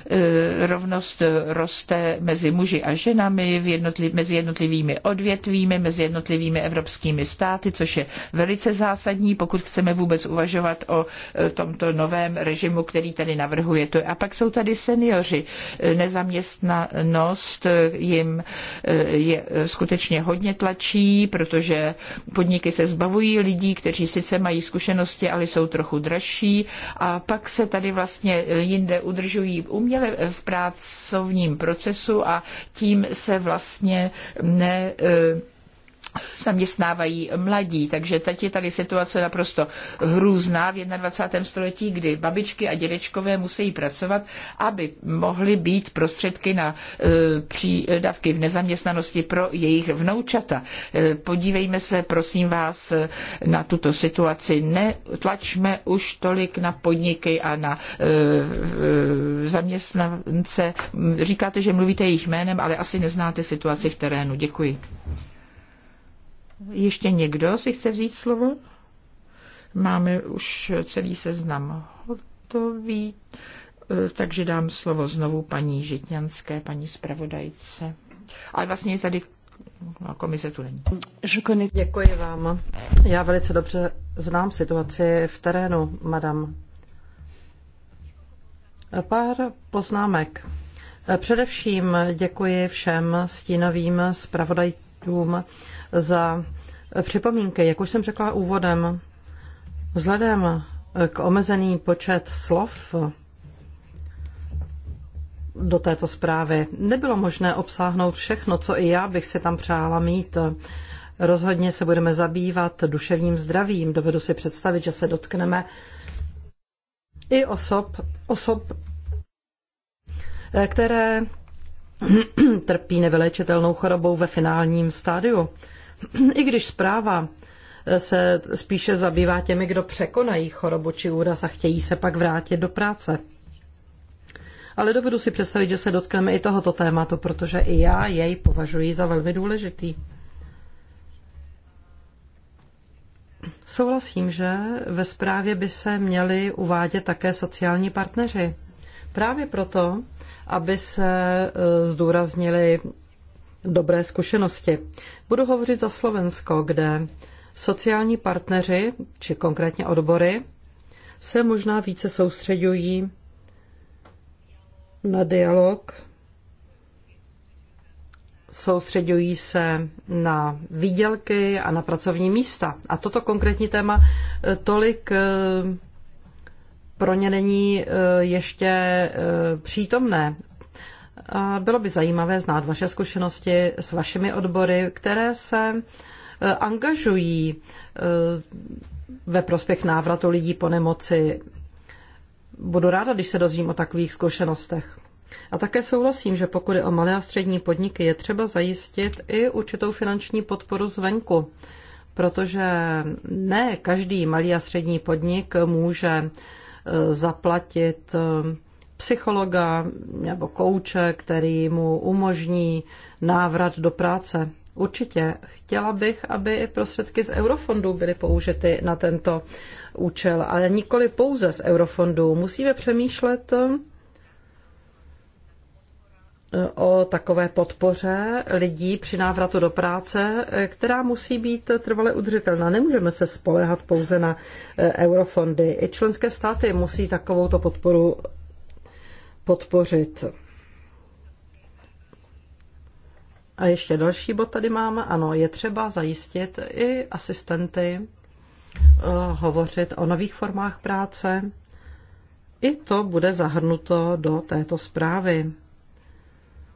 e, rovnost roste mezi muži a ženami, v mezi jednotlivými odvětvími, mezi jednotlivými evropskými státy, což je velice zásadní, pokud chceme vůbec uvažovat o e, tomto novém režimu, který tady navrhujete. A pak jsou tady seniori. E, nezaměstnanost jim je skutečně hodně tlačí, protože podniky se zbavují lidí, kteří sice mají zkušenosti, ale jsou trochu dražší. A pak se tady vlastně jinde udržují uměle v pracovním procesu a tím se vlastně ne eh, zaměstnávají mladí. Takže teď je tady situace naprosto hrůzná v 21. století, kdy babičky a dědečkové musí pracovat, aby mohly být prostředky na e, přídavky v nezaměstnanosti pro jejich vnoučata. E, podívejme se, prosím vás, na tuto situaci. Netlačme už tolik na podniky a na e, e, zaměstnance. Říkáte, že mluvíte jejich jménem, ale asi neznáte situaci v terénu. Děkuji. Ještě někdo si chce vzít slovo? Máme už celý seznam hotový, e, takže dám slovo znovu paní Žitňanské, paní zpravodajce. Ale vlastně tady komise tu není. Žukony, děkuji vám. Já velice dobře znám situaci v terénu, madam. Pár poznámek. Především děkuji všem stínovým zpravodajům za připomínky. Jak už jsem řekla úvodem, vzhledem k omezený počet slov do této zprávy nebylo možné obsáhnout všechno, co i já bych si tam přála mít. Rozhodně se budeme zabývat duševním zdravím. Dovedu si představit, že se dotkneme i osob, osob které trpí nevyléčitelnou chorobou ve finálním stádiu. I když zpráva eh, se spíše zabývá těmi, kdo překonají chorobu či úraz a chtějí se pak vrátit do práce. Ale dovedu si představit, že se dotkneme i tohoto tématu, protože i já jej považuji za velmi důležitý. Souhlasím, že ve zprávě by se měli uvádět také sociální partneři. Právě proto, aby se eh, zdůraznili dobré zkušenosti. Budu hovořit za Slovensko, kde sociální partneři, či konkrétně odbory, se možná více soustředují na dialog, soustředují se na výdělky a na pracovní místa. A toto konkrétní téma eh, tolik eh, pro ně není eh, ještě přítomné. Bylo by zajímavé znát vaše zkušenosti s vašimi odbory, které se e, angažují e, ve prospěch návratu lidí po nemoci. Budu ráda, když se dozvím o takových zkušenostech. A také souhlasím, že pokud je o malé a střední podniky, je třeba zajistit i určitou finanční podporu zvenku, protože ne každý malý a střední podnik může e, zaplatit psychologa nebo kouče, který mu umožní návrat do práce. Určitě. Chtěla bych, aby i prostředky z eurofondů byly použity na tento účel, ale nikoli pouze z eurofondů. Musíme přemýšlet eh, o takové podpoře lidí při návratu do práce, eh, která musí být trvale udržitelná. Nemůžeme se spolehat pouze na eh, eurofondy. I členské státy musí takovouto podporu podpořit. A ještě další bod tady máme. Ano, je třeba zajistit i asistenty, eh, hovořit o nových formách práce. I to bude zahrnuto do této zprávy.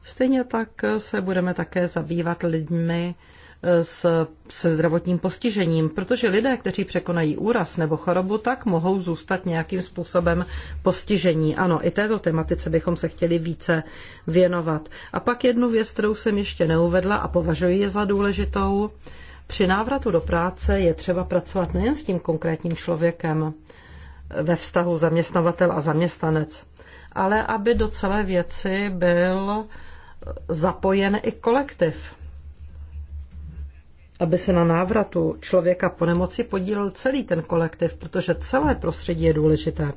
Stejně tak se budeme také zabývat lidmi, s, se zdravotním postižením, protože lidé, kteří překonají úraz nebo chorobu, tak mohou zůstat nějakým způsobem postižení. Ano, i této tematice bychom se chtěli více věnovat. A pak jednu věc, kterou jsem ještě neuvedla a považuji je za důležitou. Při návratu do práce je třeba pracovat nejen s tím konkrétním člověkem ve vztahu zaměstnavatel a zaměstnanec, ale aby do celé věci byl zapojen i kolektiv aby se na návratu člověka po nemoci podílel celý ten kolektiv, protože celé prostředí je důležité.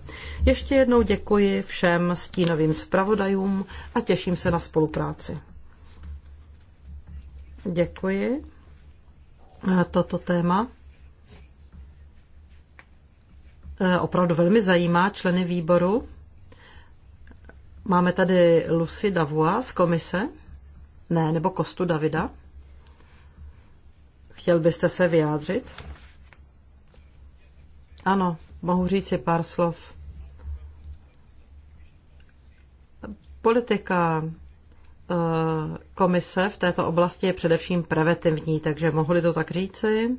Ještě jednou děkuji všem stínovým zpravodajům a těším se na spolupráci. Děkuji. E, toto téma e, opravdu velmi zajímá členy výboru. Máme tady Lucy Davua z komise. Ne, nebo Kostu Davida. Chtěl byste se vyjádřit? Ano, mohu říct si pár slov. Politika eh, komise v této oblasti je především preventivní, takže mohli to tak říci.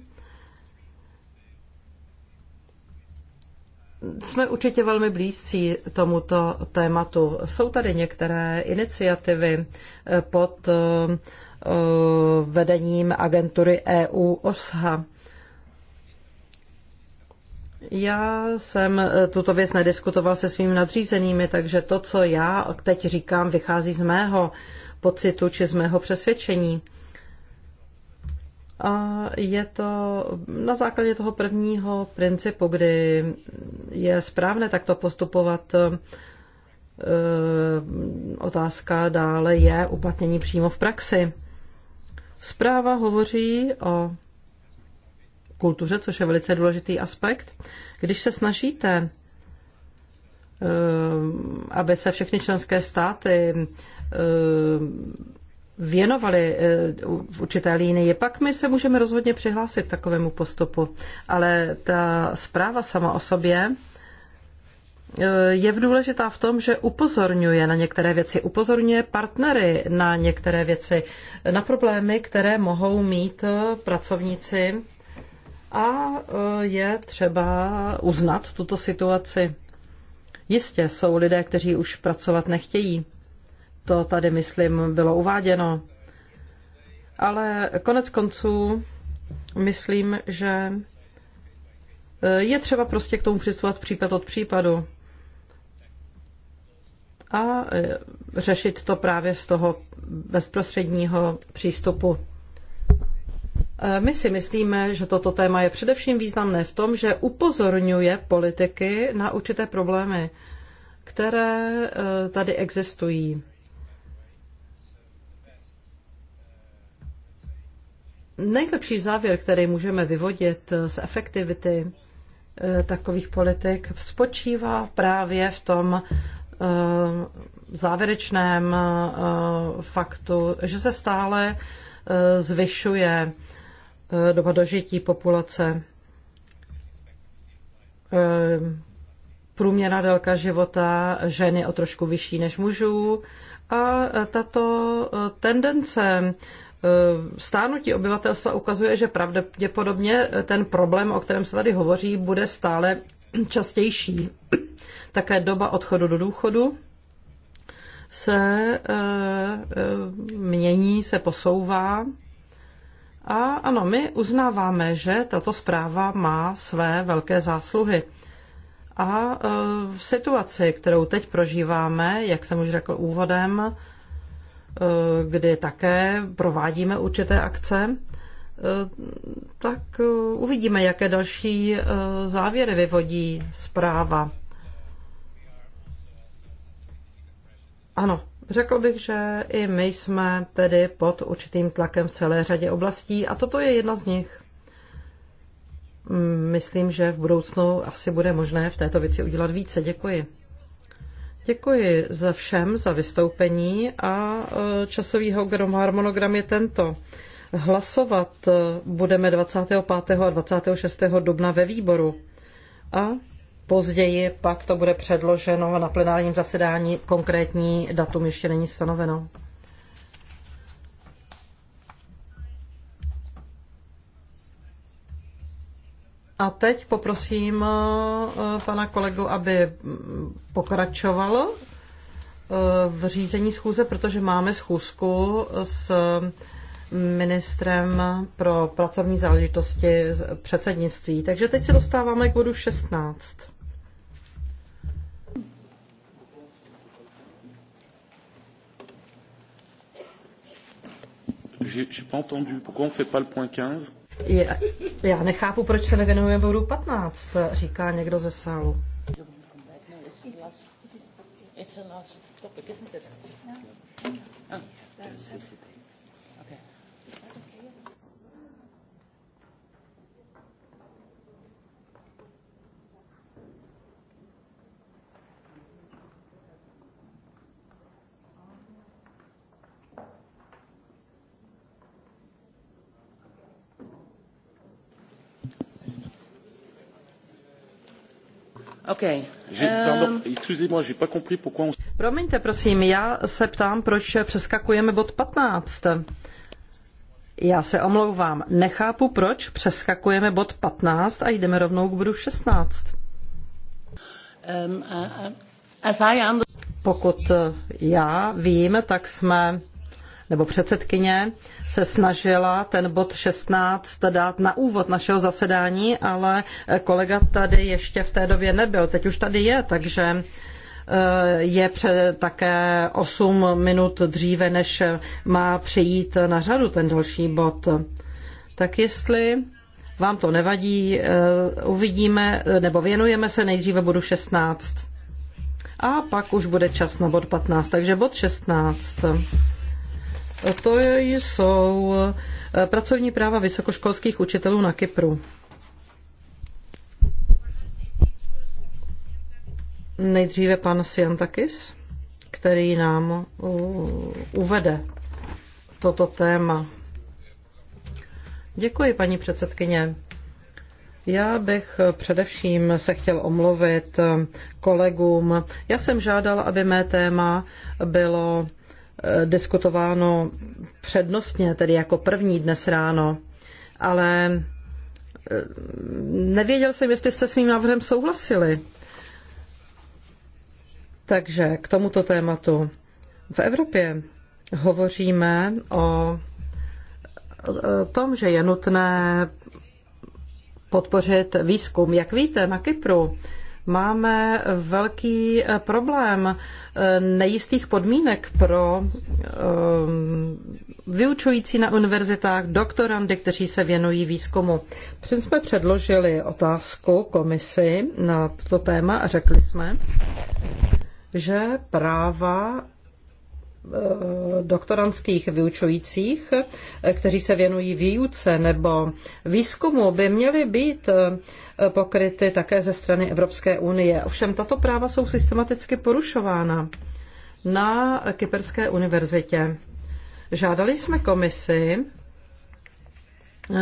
Jsme určitě velmi blízcí tomuto tématu. Jsou tady některé iniciativy eh, pod eh, Eh, vedením agentury EU OSHA. Já jsem eh, tuto věc nediskutoval se svými nadřízenými, takže to, co já teď říkám, vychází z mého pocitu či z mého přesvědčení. A je to na základě toho prvního principu, kdy je správné takto postupovat. Eh, otázka dále je uplatnění přímo v praxi. Zpráva hovoří o kultuře, což je velice důležitý aspekt. Když se snažíte, eh, aby se všechny členské státy eh, věnovali eh, v určité línii, pak my se můžeme rozhodně přihlásit takovému postupu. Ale ta zpráva sama o sobě je v důležitá v tom, že upozorňuje na některé věci, upozorňuje partnery na některé věci, na problémy, které mohou mít eh, pracovníci a eh, je třeba uznat tuto situaci. Jistě jsou lidé, kteří už pracovat nechtějí. To tady, myslím, bylo uváděno. Ale konec konců myslím, že eh, je třeba prostě k tomu přistupovat případ od případu a e, řešit to právě z toho bezprostředního přístupu. E, my si myslíme, že toto téma je především významné v tom, že upozorňuje politiky na určité problémy, které e, tady existují. Nejlepší závěr, který můžeme vyvodit z efektivity takových politik spočívá právě v tom Eh, závěrečném eh, faktu, že se stále eh, zvyšuje doba dožití populace. Průměrná délka života žen je o trošku vyšší než mužů a tato tendence stárnutí obyvatelstva ukazuje, že pravděpodobně ten problém, o kterém se tady hovoří, bude stále častější. Také doba odchodu do důchodu se eh, eh, mění, se posouvá. A ano, my uznáváme, že tato zpráva má své velké zásluhy. A eh, v situaci, kterou teď prožíváme, jak jsem už řekl úvodem, kdy také provádíme určité akce, tak uvidíme, jaké další závěry vyvodí zpráva. Ano, řekl bych, že i my jsme tedy pod určitým tlakem v celé řadě oblastí a toto je jedna z nich. Mm, myslím, že v budoucnu asi bude možné v této věci udělat více. Děkuji. Děkuji za všem za vystoupení a e, časový harmonogram je tento. Hlasovat e, budeme 25. a 26. dubna ve výboru a Později pak to bude předloženo na plenárním zasedání. Konkrétní datum ještě není stanoveno. A teď poprosím eh, pana kolegu, aby pokračoval eh, v řízení schůze, protože máme schůzku s ministrem pro pracovní záležitosti předsednictví. Takže teď se dostáváme k bodu 16. J'ai pas entendu. Pourquoi on fait pas le point 15? Je, já nechápu, proč se nevěnuje bodu 15, říká někdo ze sálu. It's topic, isn't it? Yeah. No. Okay. Um... Promiňte, prosím, já se ptám, proč přeskakujeme bod 15. Já se omlouvám, nechápu, proč přeskakujeme bod 15 a jdeme rovnou k bodu 16. Um, uh, uh, under... Pokud já vím, tak jsme nebo předsedkyně se snažila ten bod 16 dát na úvod našeho zasedání, ale kolega tady ještě v té době nebyl. Teď už tady je, takže eh, je před také 8 minut dříve, než má přijít na řadu ten další bod. Tak jestli vám to nevadí, eh, uvidíme, nebo věnujeme se nejdříve bodu 16. A pak už bude čas na bod 15. Takže bod 16. To jsou eh, pracovní práva vysokoškolských učitelů na Kypru. Nejdříve pan Siantakis, který nám eh, uvede toto téma. Děkuji, paní předsedkyně. Já bych především se chtěl omluvit kolegům. Já jsem žádal, aby mé téma bylo Eh, diskutováno přednostně, tedy jako první dnes ráno, ale eh, nevěděl jsem, jestli jste s mým návrhem souhlasili. Takže k tomuto tématu. V Evropě hovoříme o eh, tom, že je nutné podpořit výzkum. Jak víte, na Kypru Máme velký eh, problém eh, nejistých podmínek pro eh, vyučující na univerzitách, doktorandy, kteří se věnují výzkumu. Přím jsme předložili otázku komisi na toto téma a řekli jsme, že práva Eh, doktorandských vyučujících, eh, kteří se věnují výuce nebo výzkumu, by měly být eh, pokryty také ze strany Evropské unie. Ovšem tato práva jsou systematicky porušována na Kyperské univerzitě. Žádali jsme komisi,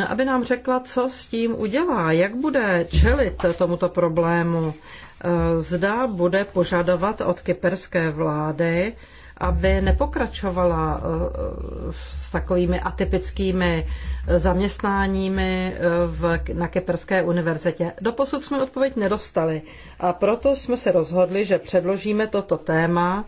aby nám řekla, co s tím udělá, jak bude čelit tomuto problému. Zda bude požadovat od kyperské vlády, aby nepokračovala eh, s takovými atypickými zaměstnáními eh, v, na Keperské univerzitě. Doposud jsme odpověď nedostali a proto jsme se rozhodli, že předložíme toto téma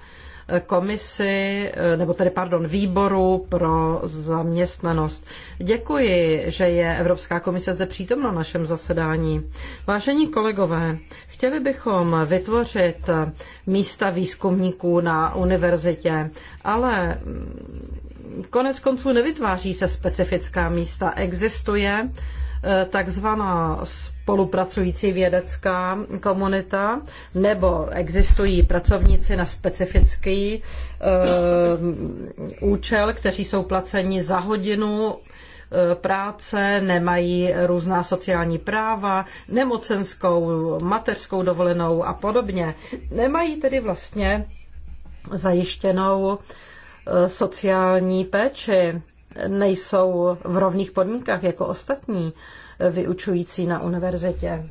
komisi, eh, nebo tedy pardon, výboru pro zaměstnanost. Děkuji, že je Evropská komise zde přítomna na našem zasedání. Vážení kolegové, chtěli bychom vytvořit místa výzkumníků na univerzitě, ale konec konců nevytváří se specifická místa. Existuje takzvaná spolupracující vědecká komunita, nebo existují pracovníci na specifický eh, účel, kteří jsou placeni za hodinu eh, práce, nemají různá sociální práva, nemocenskou, mateřskou dovolenou a podobně. Nemají tedy vlastně zajištěnou eh, sociální péči nejsou v rovných podmínkách jako ostatní vyučující na univerzitě.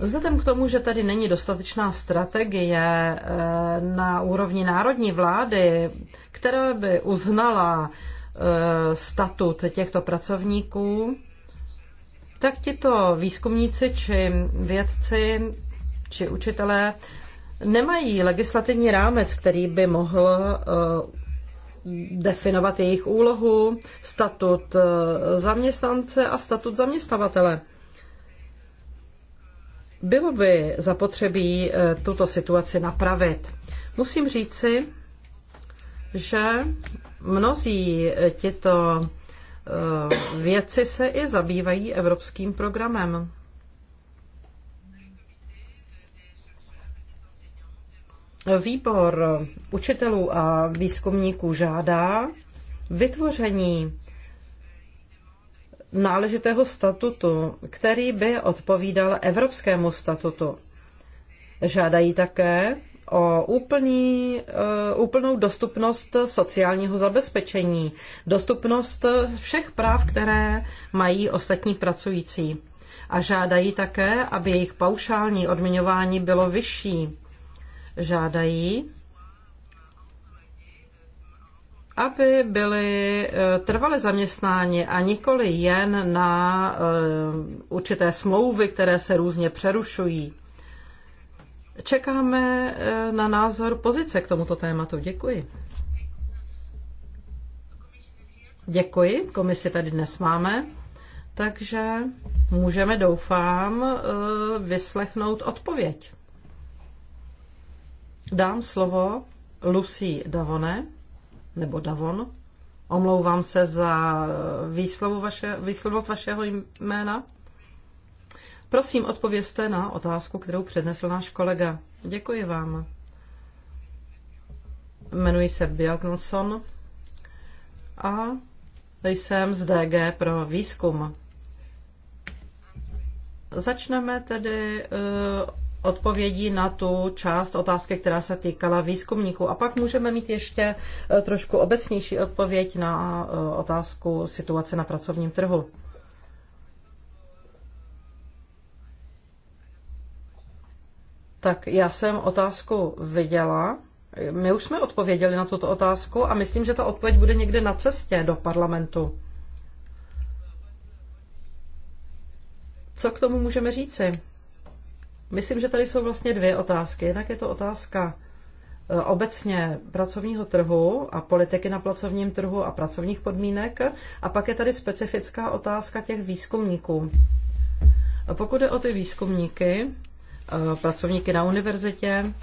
Vzhledem k tomu, že tady není dostatečná strategie eh, na úrovni národní vlády, která by uznala eh, statut těchto pracovníků, tak tito výzkumníci či vědci či učitelé nemají legislativní rámec, který by mohl eh, definovat jejich úlohu, statut eh, zaměstnance a statut zaměstnavatele. Bylo by zapotřebí eh, tuto situaci napravit. Musím říci, že mnozí eh, tito věci se i zabývají evropským programem. Výbor učitelů a výzkumníků žádá vytvoření náležitého statutu, který by odpovídal evropskému statutu. Žádají také o úplný, eh, úplnou dostupnost sociálního zabezpečení, dostupnost všech práv, které mají ostatní pracující. A žádají také, aby jejich paušální odměňování bylo vyšší žádají, aby byly eh, trvale zaměstnáni a nikoli jen na eh, určité smlouvy, které se různě přerušují. Čekáme eh, na názor pozice k tomuto tématu. Děkuji. Děkuji, komisi tady dnes máme, takže můžeme, doufám, vyslechnout odpověď dám slovo Lucy Davone, nebo Davon. Omlouvám se za eh, výslovu vaše, výslovnost vašeho jména. Prosím, odpovězte na otázku, kterou přednesl náš kolega. Děkuji vám. Jmenuji se Bjartnson a jsem z DG pro výzkum. Začneme tedy uh, odpovědí na tu část otázky, která se týkala výzkumníků. A pak můžeme mít ještě eh, trošku obecnější odpověď na eh, otázku situace na pracovním trhu. Tak já jsem otázku viděla. My už jsme odpověděli na tuto otázku a myslím, že ta odpověď bude někde na cestě do parlamentu. Co k tomu můžeme říci? Myslím, že tady jsou vlastně dvě otázky. Jednak je to otázka e, obecně pracovního trhu a politiky na pracovním trhu a pracovních podmínek. A pak je tady specifická otázka těch výzkumníků. Pokud jde o ty výzkumníky, e, pracovníky na univerzitě,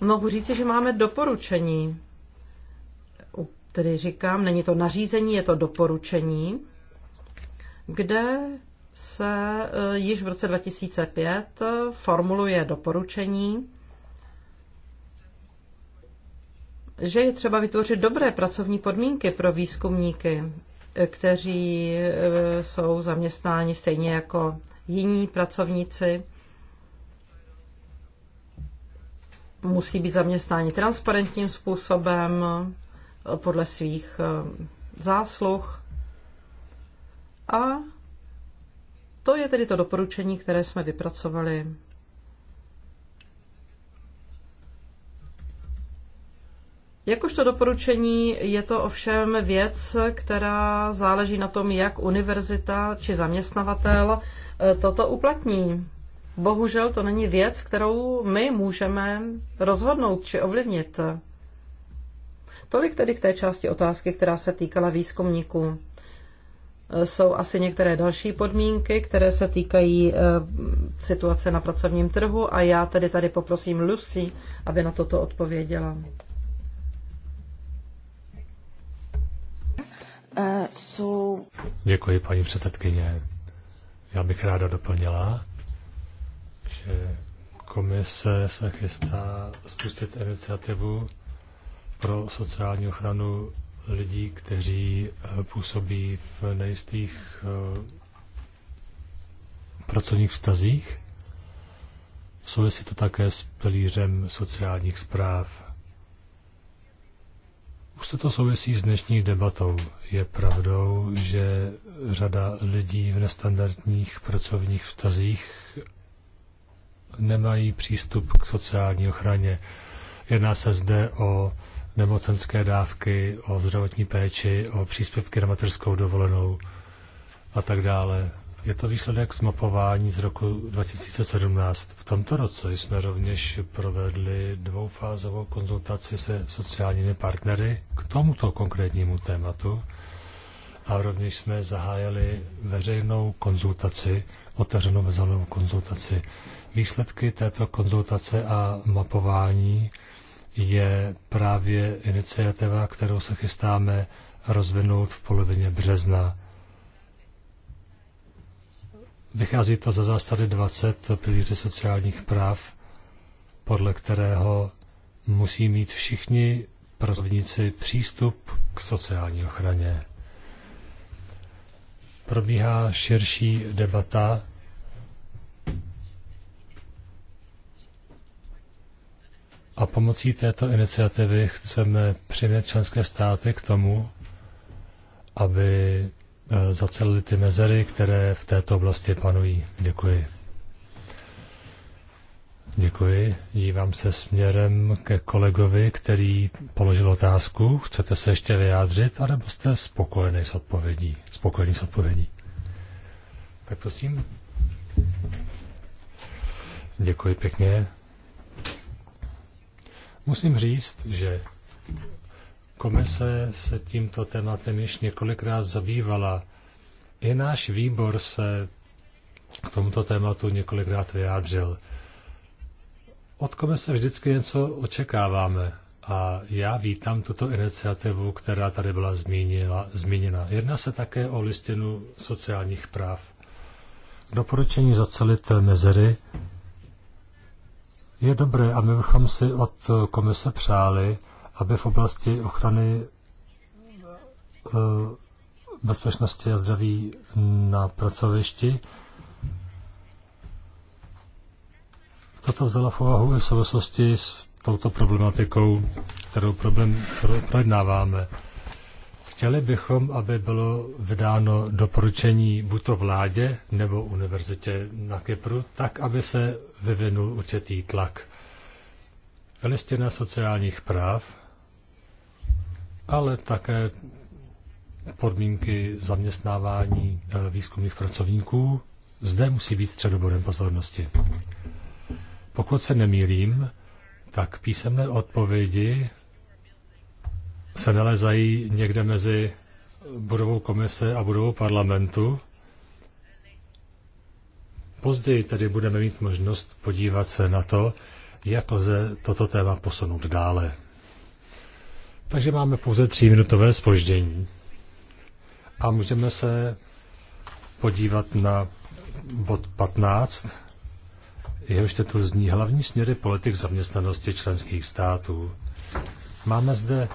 mohu říci, že máme doporučení. Tedy říkám, není to nařízení, je to doporučení, kde se eh, již v roce 2005 eh, formuluje doporučení, že je třeba vytvořit dobré pracovní podmínky pro výzkumníky, eh, kteří jsou zaměstnáni stejně jako jiní pracovníci. Musí být zaměstnáni transparentním způsobem podle svých zásluh a to je tedy to doporučení, které jsme vypracovali. Jakožto doporučení je to ovšem věc, která záleží na tom, jak univerzita či zaměstnavatel eh, toto uplatní. Bohužel to není věc, kterou my můžeme rozhodnout či ovlivnit. Tolik tedy k té části otázky, která se týkala výzkumníků jsou asi některé další podmínky, které se týkají eh, situace na pracovním trhu a já tedy tady poprosím Lucy, aby na toto odpověděla. Eh, Děkuji, paní předsedkyně. Já bych ráda doplnila, že komise se chystá spustit iniciativu pro sociální ochranu lidí, kteří eh, působí v nejistých eh, pracovních vztazích. Souvisí to také s pilířem sociálních zpráv. Už se to souvisí s dnešní debatou. Je pravdou, že řada lidí v nestandardních pracovních vztazích nemají přístup k sociální ochraně. Jedná se zde o nemocenské dávky, o zdravotní péči, o příspěvky na materskou dovolenou a tak dále. Je to výsledek zmapování z roku 2017. V tomto roce jsme rovněž provedli dvoufázovou konzultaci se sociálními partnery k tomuto konkrétnímu tématu a rovněž jsme zahájili veřejnou konzultaci, otevřenou veřejnou konzultaci. Výsledky této konzultace a mapování je právě iniciativa, kterou se chystáme rozvinout v polovině března. Vychází to za zásady 20 pilíře sociálních práv, podle kterého musí mít všichni pracovníci přístup k sociální ochraně. Probíhá širší debata A pomocí této iniciativy chceme přimět členské státy k tomu, aby eh, zacelili ty mezery, které v této oblasti panují. Děkuji. Děkuji. Dívám se směrem ke kolegovi, který položil otázku. Chcete se ještě vyjádřit, anebo jste spokojený s odpovědí? Spokojený s odpovědí. Tak prosím. Děkuji pěkně. Musím říct, že komise se tímto tématem již několikrát zabývala. I náš výbor se k tomuto tématu několikrát vyjádřil. Od komise vždycky něco očekáváme a já vítám tuto iniciativu, která tady byla zmínila, zmíněna. Jedná se také o listinu sociálních práv. Doporučení zacelit mezery je dobré, my bychom si od komise přáli, aby v oblasti ochrany eh, bezpečnosti a zdraví na pracovišti toto vzala v úvahu i v souvislosti s touto problematikou, kterou problém projednáváme. Chtěli bychom, aby bylo vydáno doporučení buď to vládě nebo univerzitě na Kypru, tak, aby se vyvinul určitý tlak. Listina sociálních práv, ale také podmínky zaměstnávání eh, výzkumných pracovníků, zde musí být středobodem pozornosti. Pokud se nemýlím, tak písemné odpovědi se nalezají někde mezi budovou komise a budovou parlamentu. Později tedy budeme mít možnost podívat se na to, jak lze toto téma posunout dále. Takže máme pouze tříminutové spoždění. A můžeme se podívat na bod 15, jehož tu zní hlavní směry politik zaměstnanosti členských států. Máme zde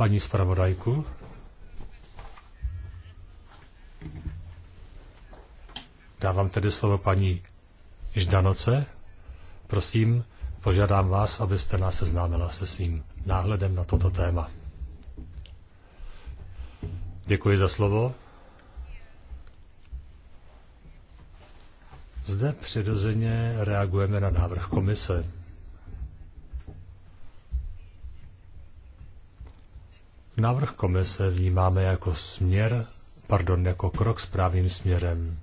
paní zpravodajku. Dávám tedy slovo paní Ždanoce. Prosím, požádám vás, abyste nás seznámila se svým náhledem na toto téma. Děkuji za slovo. Zde přirozeně reagujeme na návrh komise. Návrh komise vnímáme jako směr, pardon, jako krok správným směrem.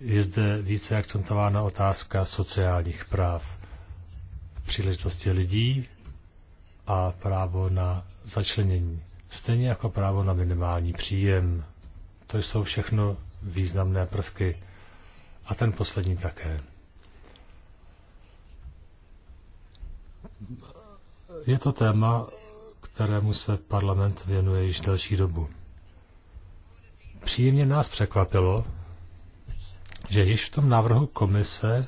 Je zde více akcentována otázka sociálních práv, příležitosti lidí a právo na začlenění, stejně jako právo na minimální příjem. To jsou všechno významné prvky. A ten poslední také. Je to téma, kterému se parlament věnuje již delší dobu. Příjemně nás překvapilo, že již v tom návrhu komise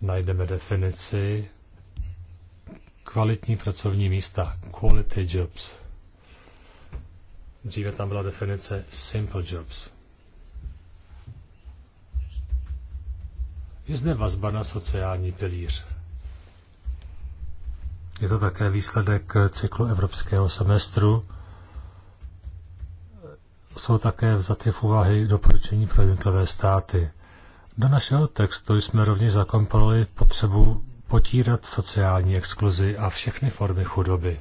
najdeme definici kvalitní pracovní místa, quality jobs. Dříve tam byla definice simple jobs. Je zde vazba na sociální pilíř. Je to také výsledek cyklu evropského semestru. Jsou také vzaty v úvahy doporučení pro jednotlivé státy. Do našeho textu jsme rovněž zakomponovali potřebu potírat sociální exkluzi a všechny formy chudoby.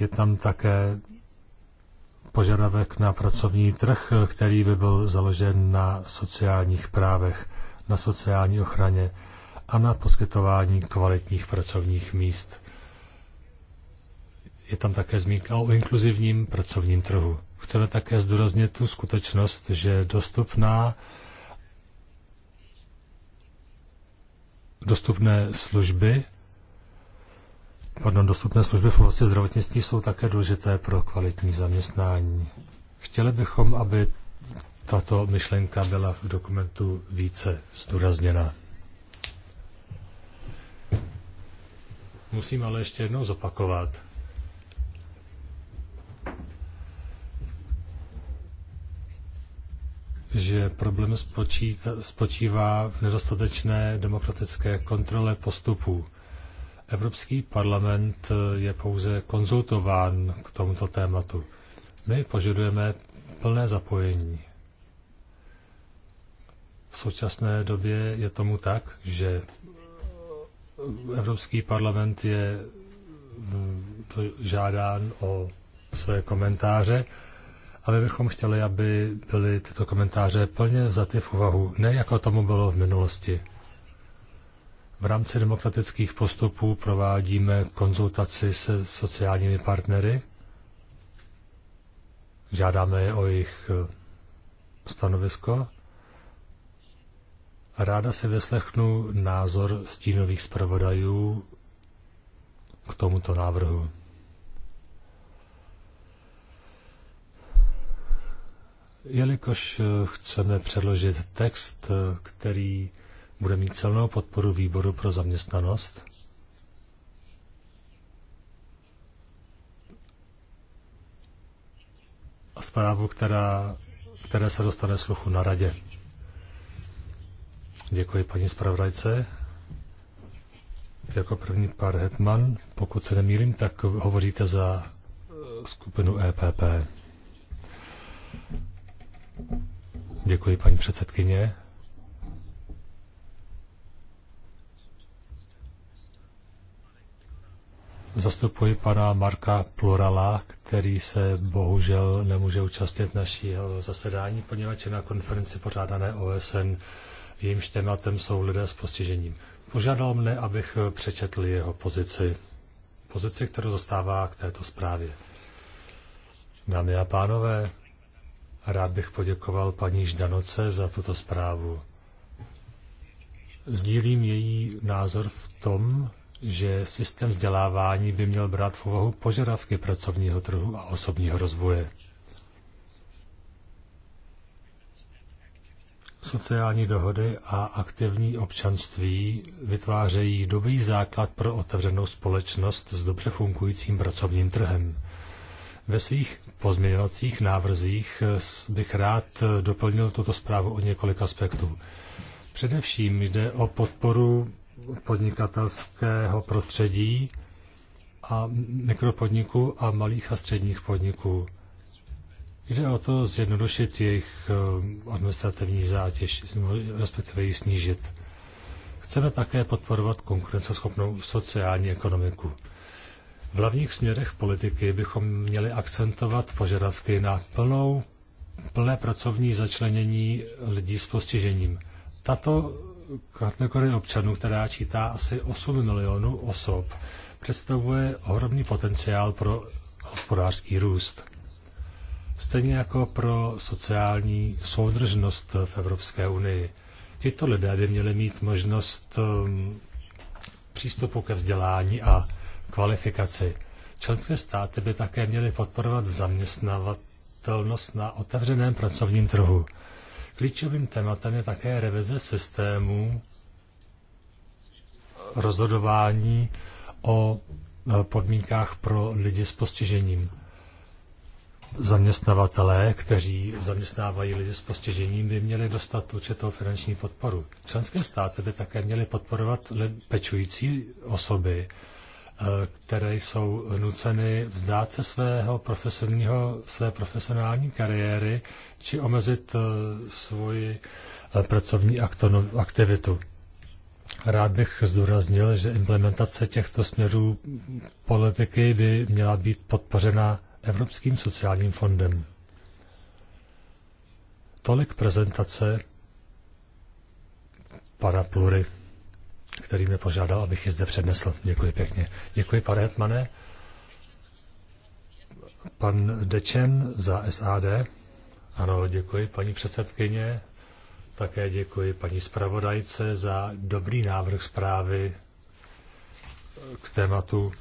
Je tam také požadavek na pracovní trh, který by byl založen na sociálních právech, na sociální ochraně a na poskytování kvalitních pracovních míst. Je tam také zmínka o inkluzivním pracovním trhu. Chceme také zdůraznit tu skutečnost, že dostupná dostupné služby Pardon, dostupné služby v oblasti zdravotnictví jsou také důležité pro kvalitní zaměstnání. Chtěli bychom, aby tato myšlenka byla v dokumentu více zdůrazněna. Musím ale ještě jednou zopakovat. že problém spočívá v nedostatečné demokratické kontrole postupů. Evropský parlament eh, je pouze konzultován k tomuto tématu. My požadujeme plné zapojení. V současné době je tomu tak, že Evropský parlament je žádán o své komentáře a my bychom chtěli, aby byly tyto komentáře plně vzaty v úvahu, ne jako tomu bylo v minulosti. V rámci demokratických postupů provádíme konzultaci se sociálními partnery, žádáme je o jejich eh, stanovisko Ráda si vyslechnu názor stínových zpravodajů k tomuto návrhu. Jelikož eh, chceme předložit text, eh, který bude mít celnou podporu výboru pro zaměstnanost, a zprávu, která, které se dostane sluchu na radě. Děkuji paní zpravodajce. Jako první pár Hetman, pokud se nemýlím, tak hovoříte za eh, skupinu EPP. Děkuji, paní předsedkyně. Zastupuji pana Marka Plurala, který se bohužel nemůže účastnit našího zasedání, poněvadž je na konferenci pořádané OSN jejímž tématem jsou lidé s postižením. Požádal mne, abych eh, přečetl jeho pozici, pozici, kterou zastává k této zprávě. Dámy a pánové, rád bych poděkoval paní Ždanoce za tuto zprávu. Sdílím její názor v tom, že systém vzdělávání by měl brát v úvahu požadavky pracovního trhu a osobního rozvoje. Sociální dohody a aktivní občanství vytvářejí dobrý základ pro otevřenou společnost s dobře fungujícím pracovním trhem. Ve svých pozměňovacích návrzích bych rád doplnil tuto zprávu o několik aspektů. Především jde o podporu podnikatelského prostředí a mikropodniků a malých a středních podniků. Jde o to zjednodušit jejich eh, administrativní zátěž, respektive ji snížit. Chceme také podporovat konkurenceschopnou sociální ekonomiku. V hlavních směrech politiky bychom měli akcentovat požadavky na plnou, plné pracovní začlenění lidí s postižením. Tato kategorie občanů, která čítá asi 8 milionů osob, představuje ohromný potenciál pro hospodářský růst stejně jako pro sociální soudržnost v Evropské unii. Tito lidé by měli mít možnost um, přístupu ke vzdělání a kvalifikaci. Členské státy by také měly podporovat zaměstnavatelnost na otevřeném pracovním trhu. Klíčovým tématem je také revize systému rozhodování o eh, podmínkách pro lidi s postižením. Zaměstnavatelé, kteří zaměstnávají lidi s postižením, by měli dostat určitou finanční podporu. Členské státy by také měly podporovat pečující osoby, eh, které jsou nuceny vzdát se svého profesionálního své profesionální kariéry či omezit eh, svoji eh, pracovní aktivitu. Rád bych zdůraznil, že implementace těchto směrů politiky by měla být podpořena Evropským sociálním fondem. Tolik prezentace pana Plury, který mě požádal, abych ji zde přednesl. Děkuji pěkně. Děkuji, pane Hetmane. Pan Dečen za SAD. Ano, děkuji, paní předsedkyně. Také děkuji paní zpravodajce za dobrý návrh zprávy k tématu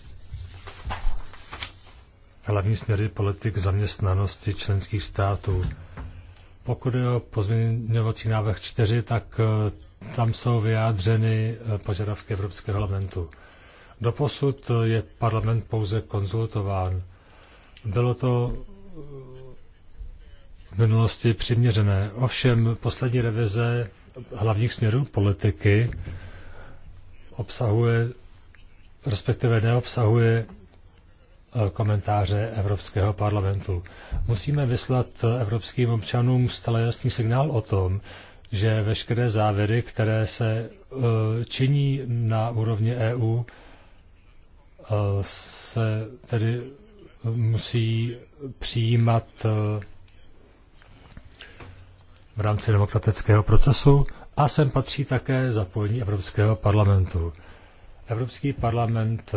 hlavní směry politik zaměstnanosti členských států. Pokud je o pozměňovací návrh 4, tak eh, tam jsou vyjádřeny eh, požadavky Evropského parlamentu. Doposud eh, je parlament pouze konzultován. Bylo to v minulosti přiměřené. Ovšem poslední revize hlavních směrů politiky obsahuje, respektive neobsahuje Eh, komentáře Evropského parlamentu. Musíme vyslat eh, evropským občanům stále jasný signál o tom, že veškeré závěry, které se eh, činí na úrovni EU, se tedy musí přijímat v rámci demokratického procesu a sem patří také zapojení Evropského parlamentu. Evropský parlament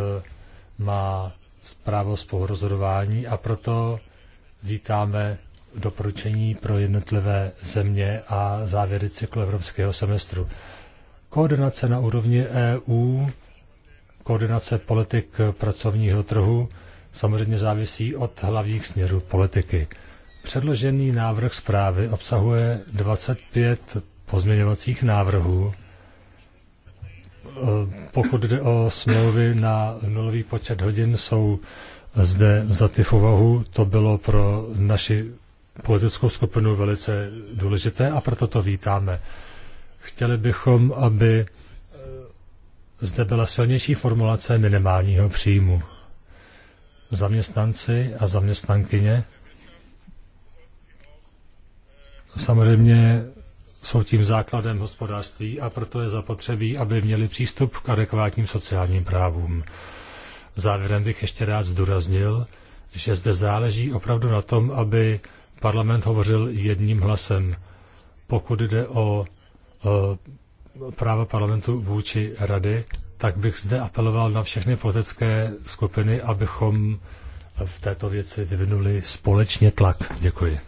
má právo spolurozhodování a proto vítáme doporučení pro jednotlivé země a závěry cyklu evropského semestru. Koordinace na úrovni EU, koordinace politik pracovního trhu samozřejmě závisí od hlavních směrů politiky. Předložený návrh zprávy obsahuje 25 pozměňovacích návrhů, Eh, pokud jde o smlouvy na nulový počet hodin, jsou zde za v úvahu. To bylo pro naši politickou skupinu velice důležité a proto to vítáme. Chtěli bychom, aby eh, zde byla silnější formulace minimálního příjmu. Zaměstnanci a zaměstnankyně samozřejmě jsou tím základem hospodářství a proto je zapotřebí, aby měli přístup k adekvátním sociálním právům. Závěrem bych ještě rád zdůraznil, že zde záleží opravdu na tom, aby parlament hovořil jedním hlasem, pokud jde o, o práva parlamentu vůči rady, tak bych zde apeloval na všechny politické skupiny, abychom v této věci vyvinuli společně tlak. Děkuji.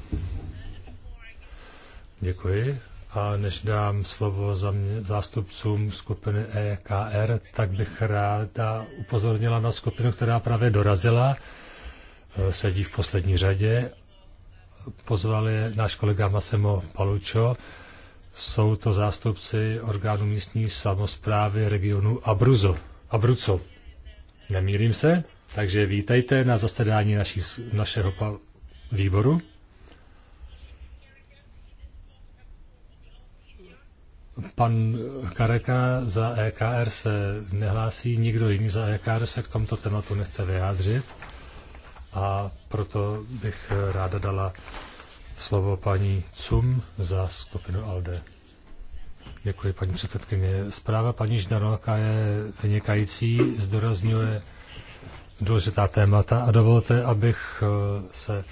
Děkuji. A než dám slovo za mě, zástupcům skupiny EKR, tak bych ráda upozornila na skupinu, která právě dorazila, e, sedí v poslední řadě. Pozval je náš kolega Masemo Palučo. Jsou to zástupci orgánu místní samozprávy regionu Abruzo. Abruzo. Nemýlím se? Takže vítejte na zasedání naší, našeho výboru. Pan Kareka za EKR se nehlásí, nikdo jiný za EKR se k tomto tématu nechce vyjádřit a proto bych ráda dala slovo paní Cum za skupinu ALDE. Děkuji, paní předsedkyně. Zpráva paní Ždanovka je vynikající, zdorazňuje důležitá témata a dovolte, abych se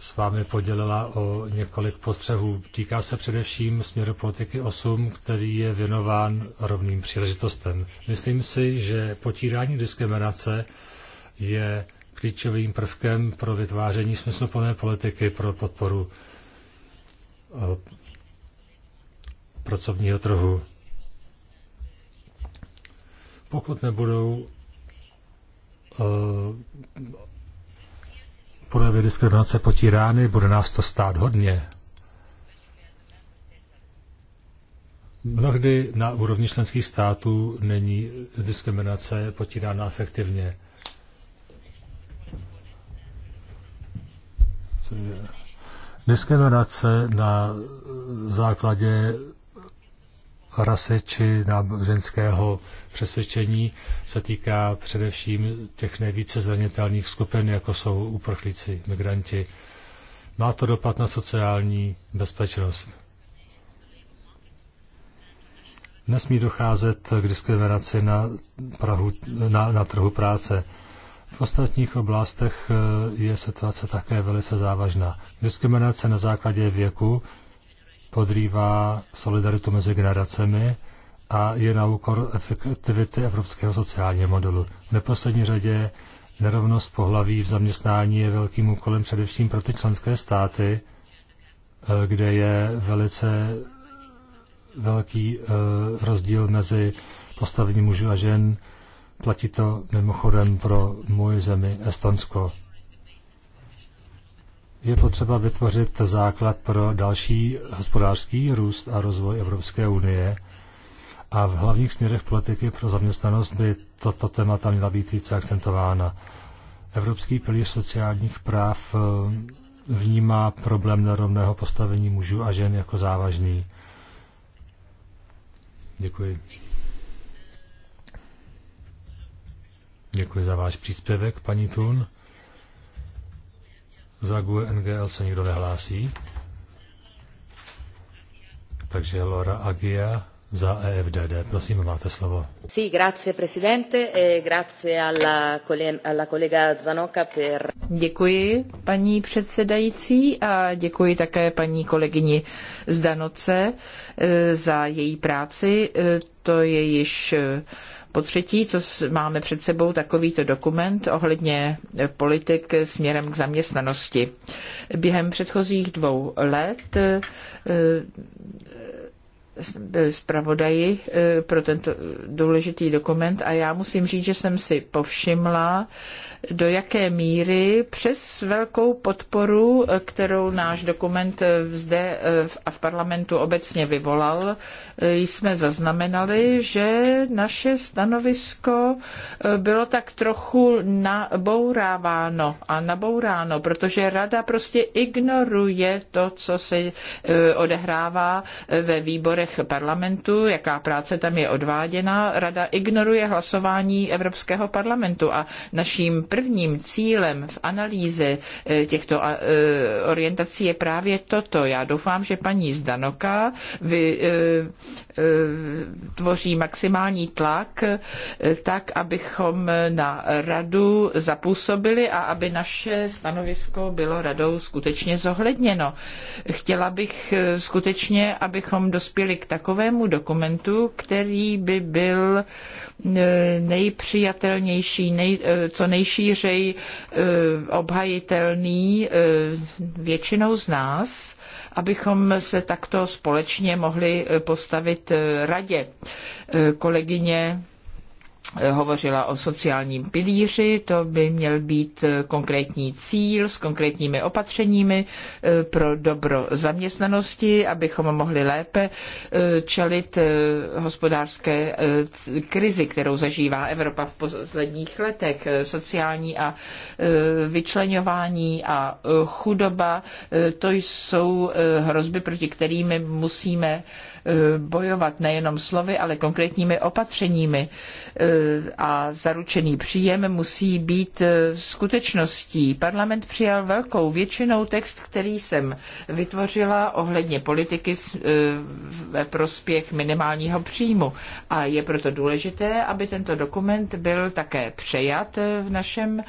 s vámi podělila o několik postřehů. Týká se především směru politiky 8, který je věnován rovným příležitostem. Myslím si, že potírání diskriminace je klíčovým prvkem pro vytváření smysluplné politiky pro podporu eh, pracovního trhu. Pokud nebudou eh, projevy diskriminace potírány, bude nás to stát hodně. Mnohdy na úrovni členských států není diskriminace potírána efektivně. Diskriminace na základě rase či náboženského přesvědčení se týká především těch nejvíce zranitelných skupin, jako jsou uprchlíci, migranti. Má to dopad na sociální bezpečnost. Nesmí docházet k diskriminaci na, prahu, na, na trhu práce. V ostatních oblastech eh, je situace také velice závažná. Diskriminace na základě věku podrývá solidaritu mezi generacemi a je na úkor efektivity evropského sociálního modelu. V neposlední řadě nerovnost pohlaví v zaměstnání je velkým úkolem především pro ty členské státy, eh, kde je velice velký eh, rozdíl mezi postavením mužů a žen. Platí to mimochodem pro moje zemi Estonsko je potřeba vytvořit základ pro další hospodářský růst a rozvoj Evropské unie a v hlavních směrech politiky pro zaměstnanost by toto témata měla být více akcentována. Evropský pilíř sociálních práv eh, vnímá problém nerovného postavení mužů a žen jako závažný. Děkuji. Děkuji za váš příspěvek, paní Tun. Za GUE NGL se nikdo nehlásí. Takže Laura Agia za EFDD. Prosím, máte slovo. Sí, grazie presidente e grazie alla, alla collega Zanoka per... Děkuji paní předsedající a děkuji také paní kolegyni Zdanoce e, za její práci. E, to je již e, po třetí, co máme před sebou takovýto dokument ohledně eh, politik směrem k zaměstnanosti. Během předchozích dvou let eh, eh, byli zpravodaji pro tento důležitý dokument a já musím říct, že jsem si povšimla, do jaké míry přes velkou podporu, kterou náš dokument zde eh, a v parlamentu obecně vyvolal, eh, jsme zaznamenali, že naše stanovisko eh, bylo tak trochu nabouráváno a nabouráno, protože rada prostě ignoruje to, co se odehrává ve výborech parlamentu, jaká práce tam je odváděna. Rada ignoruje hlasování Evropského parlamentu a naším prvním cílem v analýze eh, těchto eh, orientací je právě toto. Já doufám, že paní Zdanoka vy, eh, tvoří maximální tlak, eh, tak abychom na radu zapůsobili a aby naše stanovisko bylo radou skutečně zohledněno. Chtěla bych eh, skutečně, abychom dospěli k takovému dokumentu, který by byl eh, nejpřijatelnější, nej, co nejšířej obhajitelný většinou z nás, abychom se takto společně mohli postavit eh, radě. Eh, kolegyně Eh, hovořila o sociálním pilíři, to by měl být eh, konkrétní cíl s konkrétními opatřeními eh, pro dobro zaměstnanosti, abychom mohli lépe čelit hospodářské krizi, kterou zažívá Evropa v posledních letech. Sociální a vyčlenování a chudoba, to jsou hrozby, proti kterým musíme bojovat nejenom slovy, ale konkrétními opatřeními. E, a zaručený příjem musí být e, skutečností. Parlament přijal velkou většinou text, který jsem vytvořila ohledně politiky e, ve prospěch minimálního příjmu. A je proto důležité, aby tento dokument byl také přejat v, našem,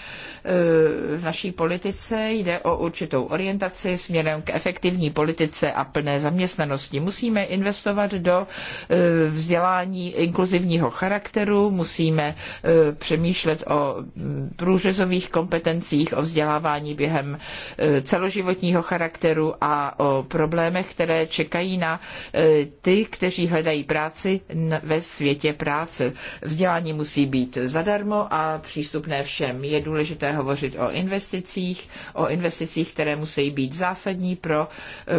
v naší politice. Jde o určitou orientaci směrem k efektivní politice a plné zaměstnanosti. Musíme investovat investovat do eh, vzdělání inkluzivního charakteru, musíme eh, přemýšlet o mm, průřezových kompetencích, o vzdělávání během eh, celoživotního charakteru a o problémech, které čekají na ty, kteří hledají práci ve světě práce. Vzdělání musí být zadarmo a přístupné všem. Je důležité hovořit o investicích, o investicích, které musí být zásadní pro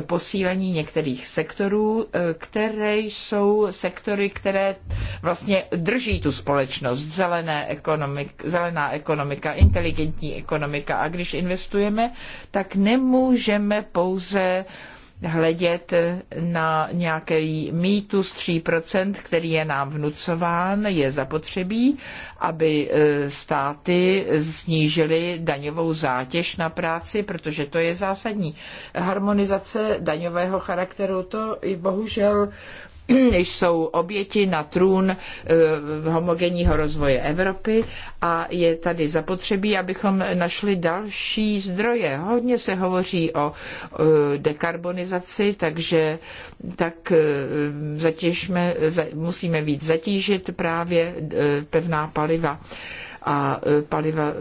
posílení některých sektorů, které které jsou sektory, které vlastně drží tu společnost. Zelené ekonomik, zelená ekonomika, inteligentní ekonomika. A když investujeme, tak nemůžeme pouze uh, hledět na nějaký mýtus 3%, který je nám vnucován, je zapotřebí, aby e, státy snížily daňovou zátěž na práci, protože to je zásadní. Harmonizace daňového charakteru, to bohužel než jsou oběti na trůn eh, homogenního rozvoje Evropy a je tady zapotřebí, abychom našli další zdroje. Hodně se hovoří o eh, dekarbonizaci, takže tak eh, zatěžme, musíme víc zatížit právě pevná paliva a e, paliva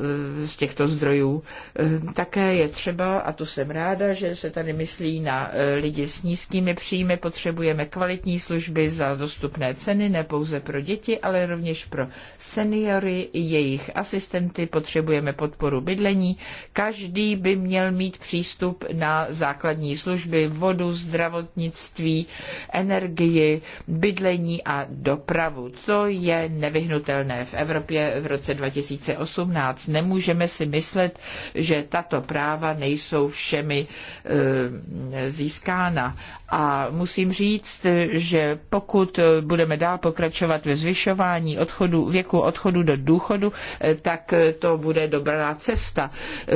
e, z těchto zdrojů. E, také je třeba, a tu jsem ráda, že se tady myslí na lidi s nízkými příjmy, potřebujeme kvalitní služby za dostupné ceny, ne pouze pro děti, ale rovněž pro seniory i jejich asistenty, potřebujeme podporu bydlení. Každý by měl mít přístup na základní služby, vodu, zdravotnictví, energii, bydlení a dopravu, co je nevyhnutelné v Evropě v roce 2020. 2018. Nemůžeme si myslet, že tato práva nejsou všemi eh, získána. A musím říct, že pokud budeme dál pokračovat ve zvyšování odchodu, věku odchodu do důchodu, eh, tak eh, to bude dobrá cesta.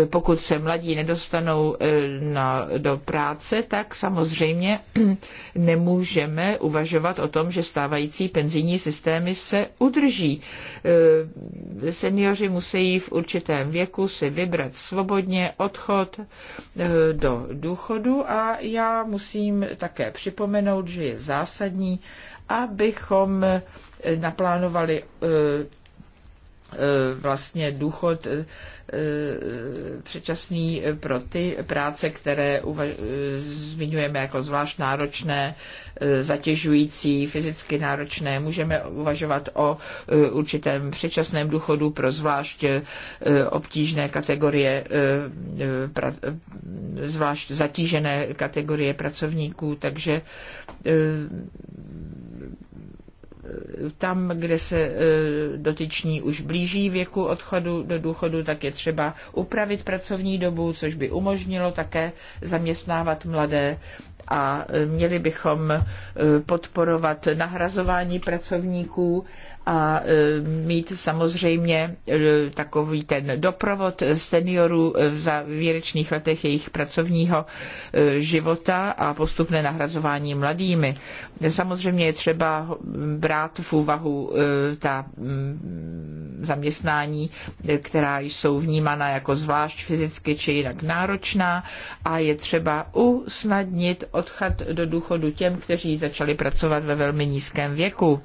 Pokud se mladí nedostanou na, do práce, tak samozřejmě nemůžeme uvažovat o tom, že stávající penzijní systémy se udrží. Seniori musí v určitém věku si vybrat svobodně odchod eh, do důchodu a já musím také připomenout, že je zásadní, abychom eh, naplánovali eh, vlastně důchod Eh, předčasný pro ty práce, které zmiňujeme jako zvlášť náročné, eh, zatěžující, fyzicky náročné. Můžeme uvažovat o eh, určitém předčasném důchodu pro zvlášť obtížné kategorie, zvlášť zatížené kategorie pracovníků, takže tam, kde se e, dotyční už blíží věku odchodu do důchodu, tak je třeba upravit pracovní dobu, což by umožnilo také zaměstnávat mladé a e, měli bychom e, podporovat nahrazování pracovníků a e, mít samozřejmě e, takový ten doprovod seniorů v e, závěrečných letech jejich pracovního života a postupné nahrazování mladými. Samozřejmě je třeba brát v úvahu ta mm, zaměstnání, která jsou vnímána jako zvlášť fyzicky či jinak náročná a je třeba usnadnit odchod do důchodu těm, kteří začali pracovat ve velmi nízkém věku.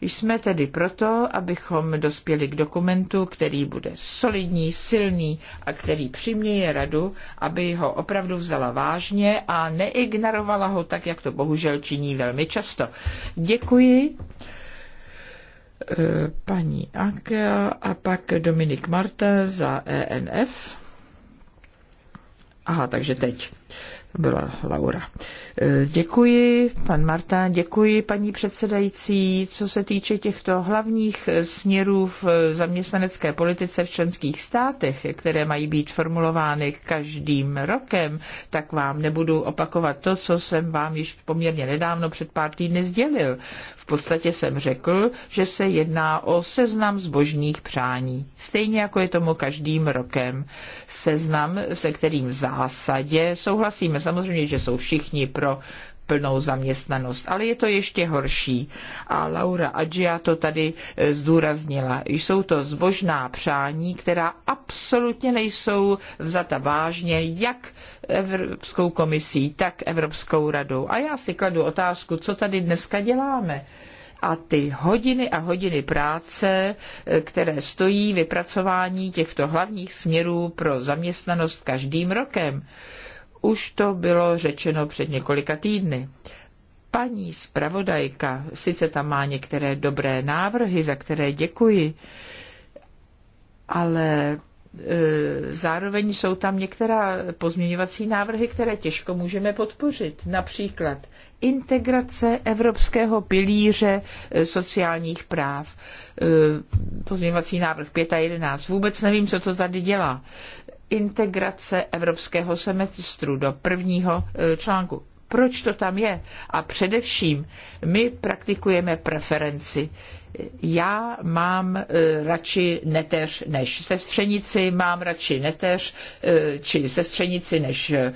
Jsme tedy proto, abychom dospěli k dokumentu, který bude solidní, silný a který přiměje radu, aby ho opravdu vzala vážně a neignorovala ho tak, jak to bohužel činí velmi často. Děkuji eh, paní Anka a pak Dominik Marta za ENF. Aha, takže teď byla Laura. Děkuji, pan Marta, děkuji, paní předsedající. Co se týče těchto hlavních směrů v zaměstnanecké politice v členských státech, které mají být formulovány každým rokem, tak vám nebudu opakovat to, co jsem vám již poměrně nedávno před pár týdny sdělil. V podstatě jsem řekl, že se jedná o seznam zbožných přání. Stejně jako je tomu každým rokem. Seznam, se kterým v zásadě souhlasíme. Samozřejmě, že jsou všichni pro pro plnou zaměstnanost. Ale je to ještě horší. A Laura Adžia to tady e, zdůraznila. Jsou to zbožná přání, která absolutně nejsou vzata vážně jak Evropskou komisí, tak Evropskou radou. A já si kladu otázku, co tady dneska děláme a ty hodiny a hodiny práce, e, které stojí vypracování těchto hlavních směrů pro zaměstnanost každým rokem. Už to bylo řečeno před několika týdny. Paní zpravodajka sice tam má některé dobré návrhy, za které děkuji, ale e, zároveň jsou tam některá pozměňovací návrhy, které těžko můžeme podpořit. Například integrace evropského pilíře e, sociálních práv. E, pozměňovací návrh 5 a 11. Vůbec nevím, co to tady dělá integrace evropského semestru do prvního e, článku. Proč to tam je? A především my praktikujeme preferenci já mám e, radši neteř než sestřenici, mám radši neteř e, či sestřenici než e,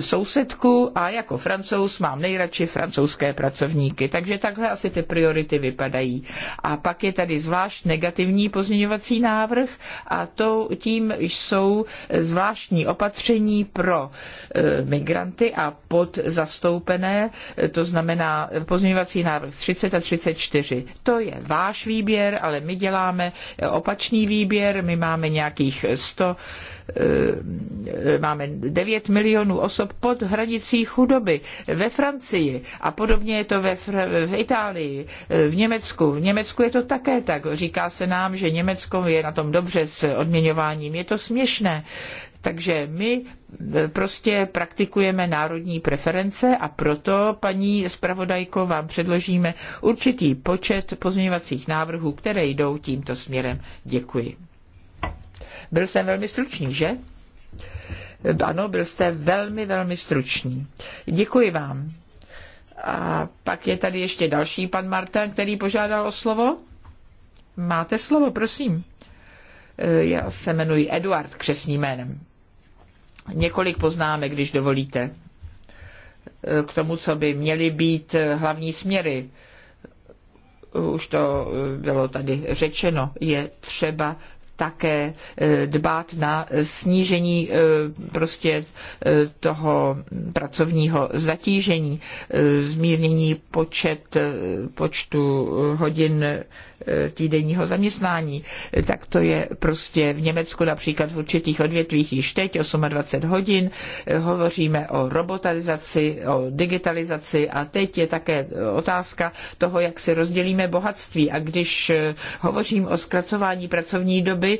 sousedku a jako francouz mám nejradši francouzské pracovníky. Takže takhle asi ty priority vypadají. A pak je tady zvlášť negativní pozměňovací návrh a to tím jsou zvláštní opatření pro migranty a podzastoupené, to znamená pozměňovací návrh 30 a 34. To je váš výběr, ale my děláme eh, opačný výběr, my máme nějakých 100 eh, eh, máme 9 milionů osob pod hranicí chudoby ve Francii a podobně je to ve, v Itálii, v Německu. V Německu je to také tak. Říká se nám, že Německo je na tom dobře s odměňováním. Je to směšné. Takže my e, prostě praktikujeme národní preference a proto, paní zpravodajko, vám předložíme určitý počet pozměňovacích návrhů, které jdou tímto směrem. Děkuji. Byl jsem velmi stručný, že? Ano, byl jste velmi, velmi stručný. Děkuji vám. A pak je tady ještě další pan Martin, který požádal o slovo. Máte slovo, prosím. E, já se jmenuji Eduard křesným jménem. Několik poznámek, když dovolíte, e, k tomu, co by měly být e, hlavní směry už to e, bylo tady řečeno, je třeba také dbát na snížení prostě toho pracovního zatížení, zmírnění počet, počtu hodin Eh, týdenního zaměstnání. Tak to je prostě v Německu například v určitých odvětvích již teď 28 hodin. Eh, hovoříme o robotizaci, o digitalizaci a teď je také otázka toho, jak si rozdělíme bohatství. A když eh, hovořím o zkracování pracovní doby,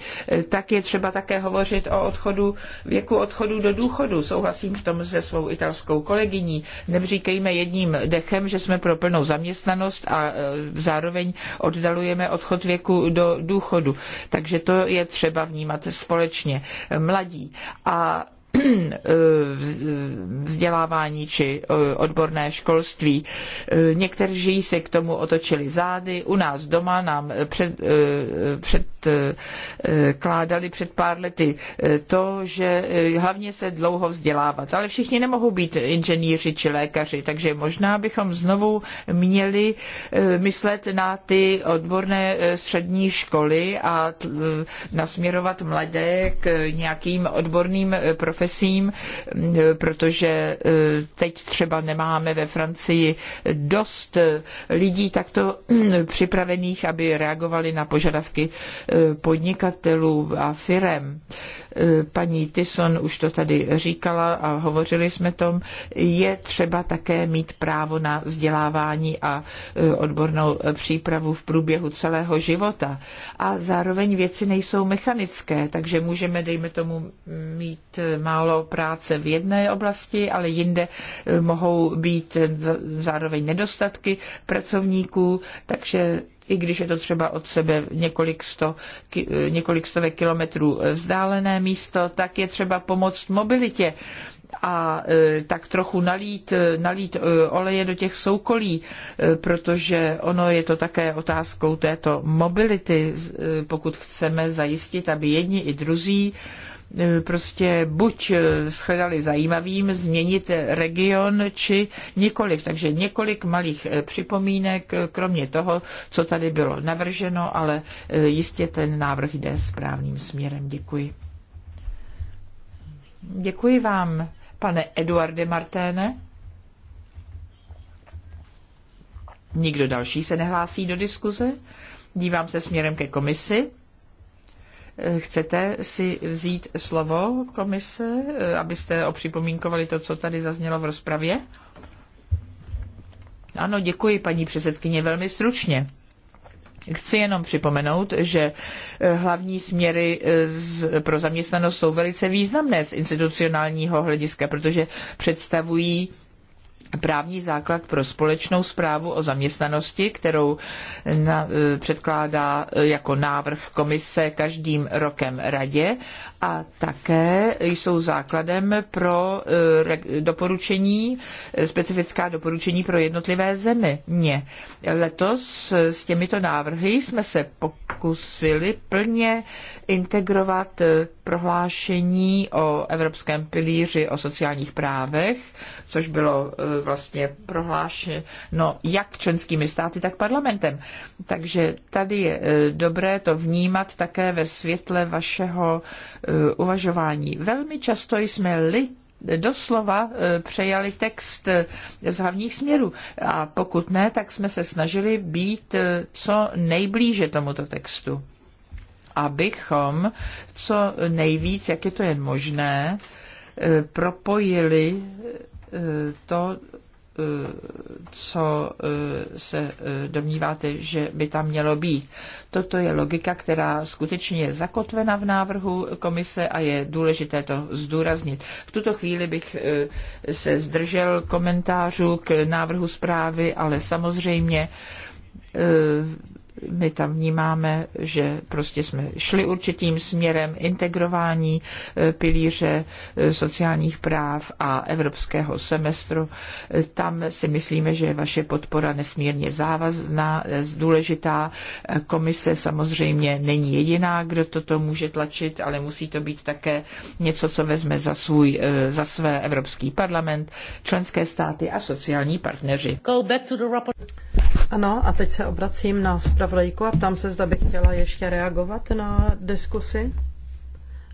tak je třeba také hovořit o odchodu, věku odchodu do důchodu. Souhlasím v tom se svou italskou kolegyní. Nevříkejme jedním dechem, že jsme pro plnou zaměstnanost a zároveň oddalujeme zvyšujeme odchod věku do důchodu. Takže to je třeba vnímat společně. Mladí a Eh, vzdělávání či eh, odborné školství. Eh, někteří se k tomu otočili zády. U nás doma nám před, předkládali před pár lety to, že hlavně se dlouho vzdělávat. Ale všichni nemohou být inženýři či lékaři, takže možná bychom znovu měli myslet na ty odborné střední školy a nasměrovat mladé k nějakým odborným profesím profesím, protože eh, teď třeba nemáme ve Francii dost eh, lidí takto eh, připravených, aby reagovali na požadavky podnikatelů a firem paní Tyson už to tady říkala a hovořili jsme tom, je třeba také mít právo na vzdělávání a e, odbornou e, přípravu v průběhu celého života. A zároveň věci nejsou mechanické, takže můžeme, dejme tomu, mít e, málo práce v jedné oblasti, ale jinde mohou být zároveň nedostatky pracovníků, takže i když je to třeba od sebe několik, sto, několik stovek kilometrů vzdálené místo, tak je třeba pomoct mobilitě a e, tak trochu nalít, e, nalít e, oleje do těch soukolí, protože ono je to také otázkou této mobility, pokud chceme zajistit, aby jedni i druzí prostě buď eh, shledali zajímavým změnit region, či nikoliv. Takže několik malých eh, připomínek, eh, kromě toho, co tady bylo navrženo, ale jistě ten návrh jde správným směrem. Děkuji. Děkuji vám, pane Eduarde Marténe. Nikdo další se nehlásí do diskuze. Dívám se směrem ke komisi. Chcete si vzít slovo komise, eh, abyste opřipomínkovali to, co tady zaznělo v rozpravě? Ano, děkuji, paní předsedkyně, velmi stručně. Chci jenom připomenout, že eh, hlavní směry eh, pro zaměstnanost jsou velice významné z institucionálního hlediska, protože představují právní základ pro společnou zprávu o zaměstnanosti, kterou na, eh, předkládá eh, jako návrh komise každým rokem radě a také jsou základem pro eh, doporučení, eh, specifická doporučení pro jednotlivé země. Letos eh, s těmito návrhy jsme se pokusili plně integrovat prohlášení o Evropském pilíři o sociálních právech, což bylo vlastně prohlášeno jak členskými státy, tak parlamentem. Takže tady je dobré to vnímat také ve světle vašeho Eh, uvažování. Velmi často jsme li doslova eh, přejali text eh, z hlavních směrů. A pokud ne, tak jsme se snažili být co nejblíže tomuto textu. Abychom co nejvíc, jak je to jen možné, propojili to, co eh, se eh, domníváte, že by tam mělo být. Toto je logika, která skutečně je zakotvena v návrhu komise a je důležité to zdůraznit. V tuto chvíli bych eh, se zdržel komentářů k návrhu zprávy, ale samozřejmě my tam vnímáme, že prostě jsme šli určitým směrem integrování eh, pilíře eh, sociálních práv a evropského semestru. Eh, tam si myslíme, že je vaše podpora nesmírně závazná, důležitá. Komise samozřejmě není jediná, kdo toto může tlačit, ale musí to být také něco, co vezme za, svůj, za své Evropský parlament, členské státy a sociální partneři. Ano, a teď se obracím na zpravodajku a ptám se, zda bych chtěla ještě reagovat na diskusy.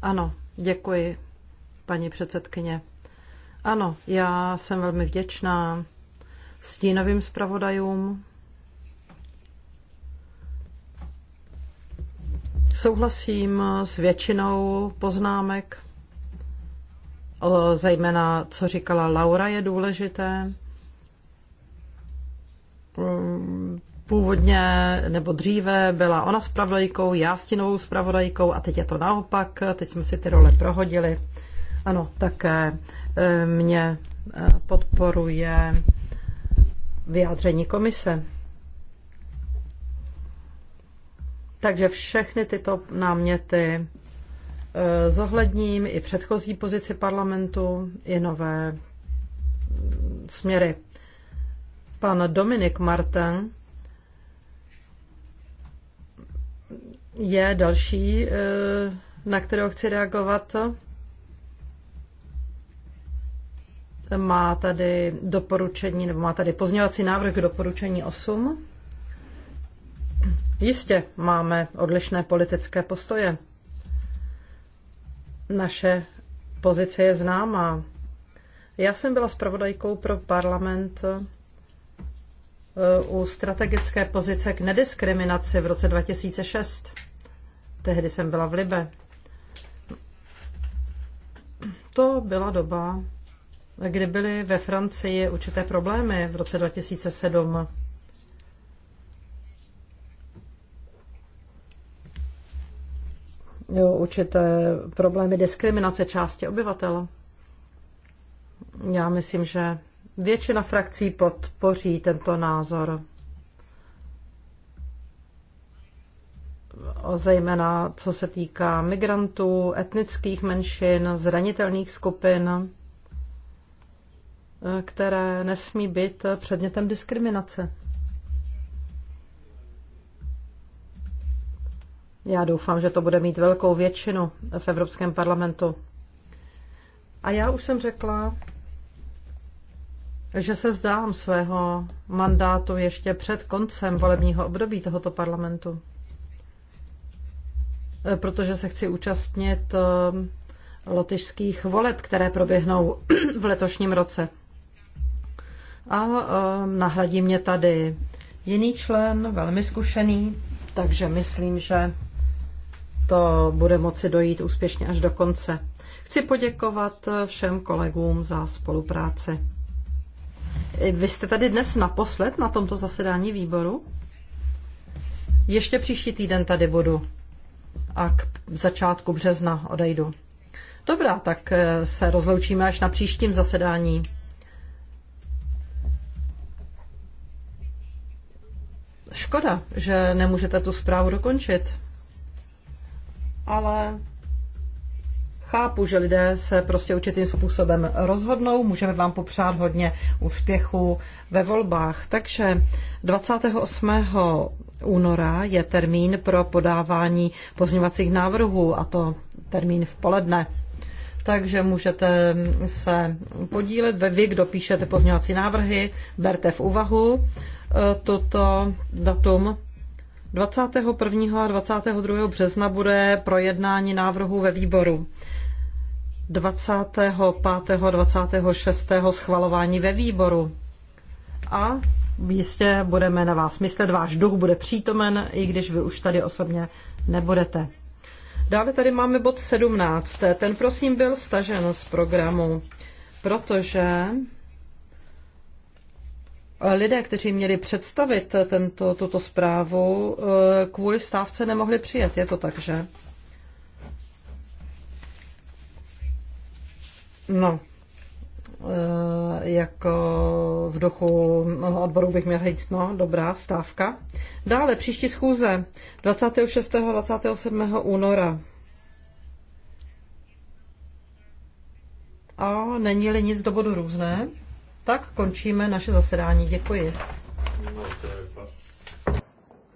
Ano, děkuji, paní předsedkyně. Ano, já jsem velmi vděčná stínovým zpravodajům. Souhlasím s většinou poznámek, zejména co říkala Laura je důležité původně nebo dříve byla ona spravodajkou, já stinovou spravodajkou a teď je to naopak, teď jsme si ty role prohodili. Ano, také eh, mě eh, podporuje vyjádření komise. Takže všechny tyto náměty eh, zohledním i předchozí pozici parlamentu, i nové mm, směry Pan Dominik Martin je další, eh, na kterého chci reagovat. Má tady doporučení, nebo má tady pozněvací návrh k doporučení 8. Jistě máme odlišné politické postoje. Naše pozice je známá. Já jsem byla zpravodajkou pro parlament Eh, u strategické pozice k nediskriminaci v roce 2006. Tehdy jsem byla v Libe. To byla doba, kdy byly ve Francii určité problémy v roce 2007. Jo, určité problémy diskriminace části obyvatel. Já myslím, že Většina frakcí podpoří tento názor. O zejména co se týká migrantů, etnických menšin, zranitelných skupin, e, které nesmí být předmětem diskriminace. Já doufám, že to bude mít velkou většinu v Evropském parlamentu. A já už jsem řekla, že se zdám svého mandátu ještě před koncem volebního období tohoto parlamentu, e, protože se chci účastnit e, lotyšských voleb, které proběhnou v letošním roce. A e, nahradí mě tady jiný člen, velmi zkušený, takže myslím, že to bude moci dojít úspěšně až do konce. Chci poděkovat všem kolegům za spolupráci. Vy jste tady dnes naposled na tomto zasedání výboru? Ještě příští týden tady budu a k začátku března odejdu. Dobrá, tak eh, se rozloučíme až na příštím zasedání. Škoda, že nemůžete tu zprávu dokončit. Ale Chápu, že lidé se prostě určitým způsobem rozhodnou. Můžeme vám popřát hodně úspěchů ve volbách. Takže 28. února je termín pro podávání pozměňovacích návrhů a to termín v poledne takže můžete se podílet ve vy, kdo píšete pozměňovací návrhy, berte v úvahu e, toto datum. 21. a 22. března bude projednání návrhu ve výboru. 25. 26. schvalování ve výboru. A jistě budeme na vás myslet, váš duch bude přítomen, i když vy už tady osobně nebudete. Dále tady máme bod 17. Ten prosím byl stažen z programu, protože lidé, kteří měli představit tento, tuto zprávu, eh, kvůli stávce nemohli přijet. Je to tak, že? No, eh, jako v duchu odboru bych měl říct, no, dobrá stávka. Dále, příští schůze 26. 27. února. A není-li nic do bodu různé, tak končíme naše zasedání. Děkuji. No,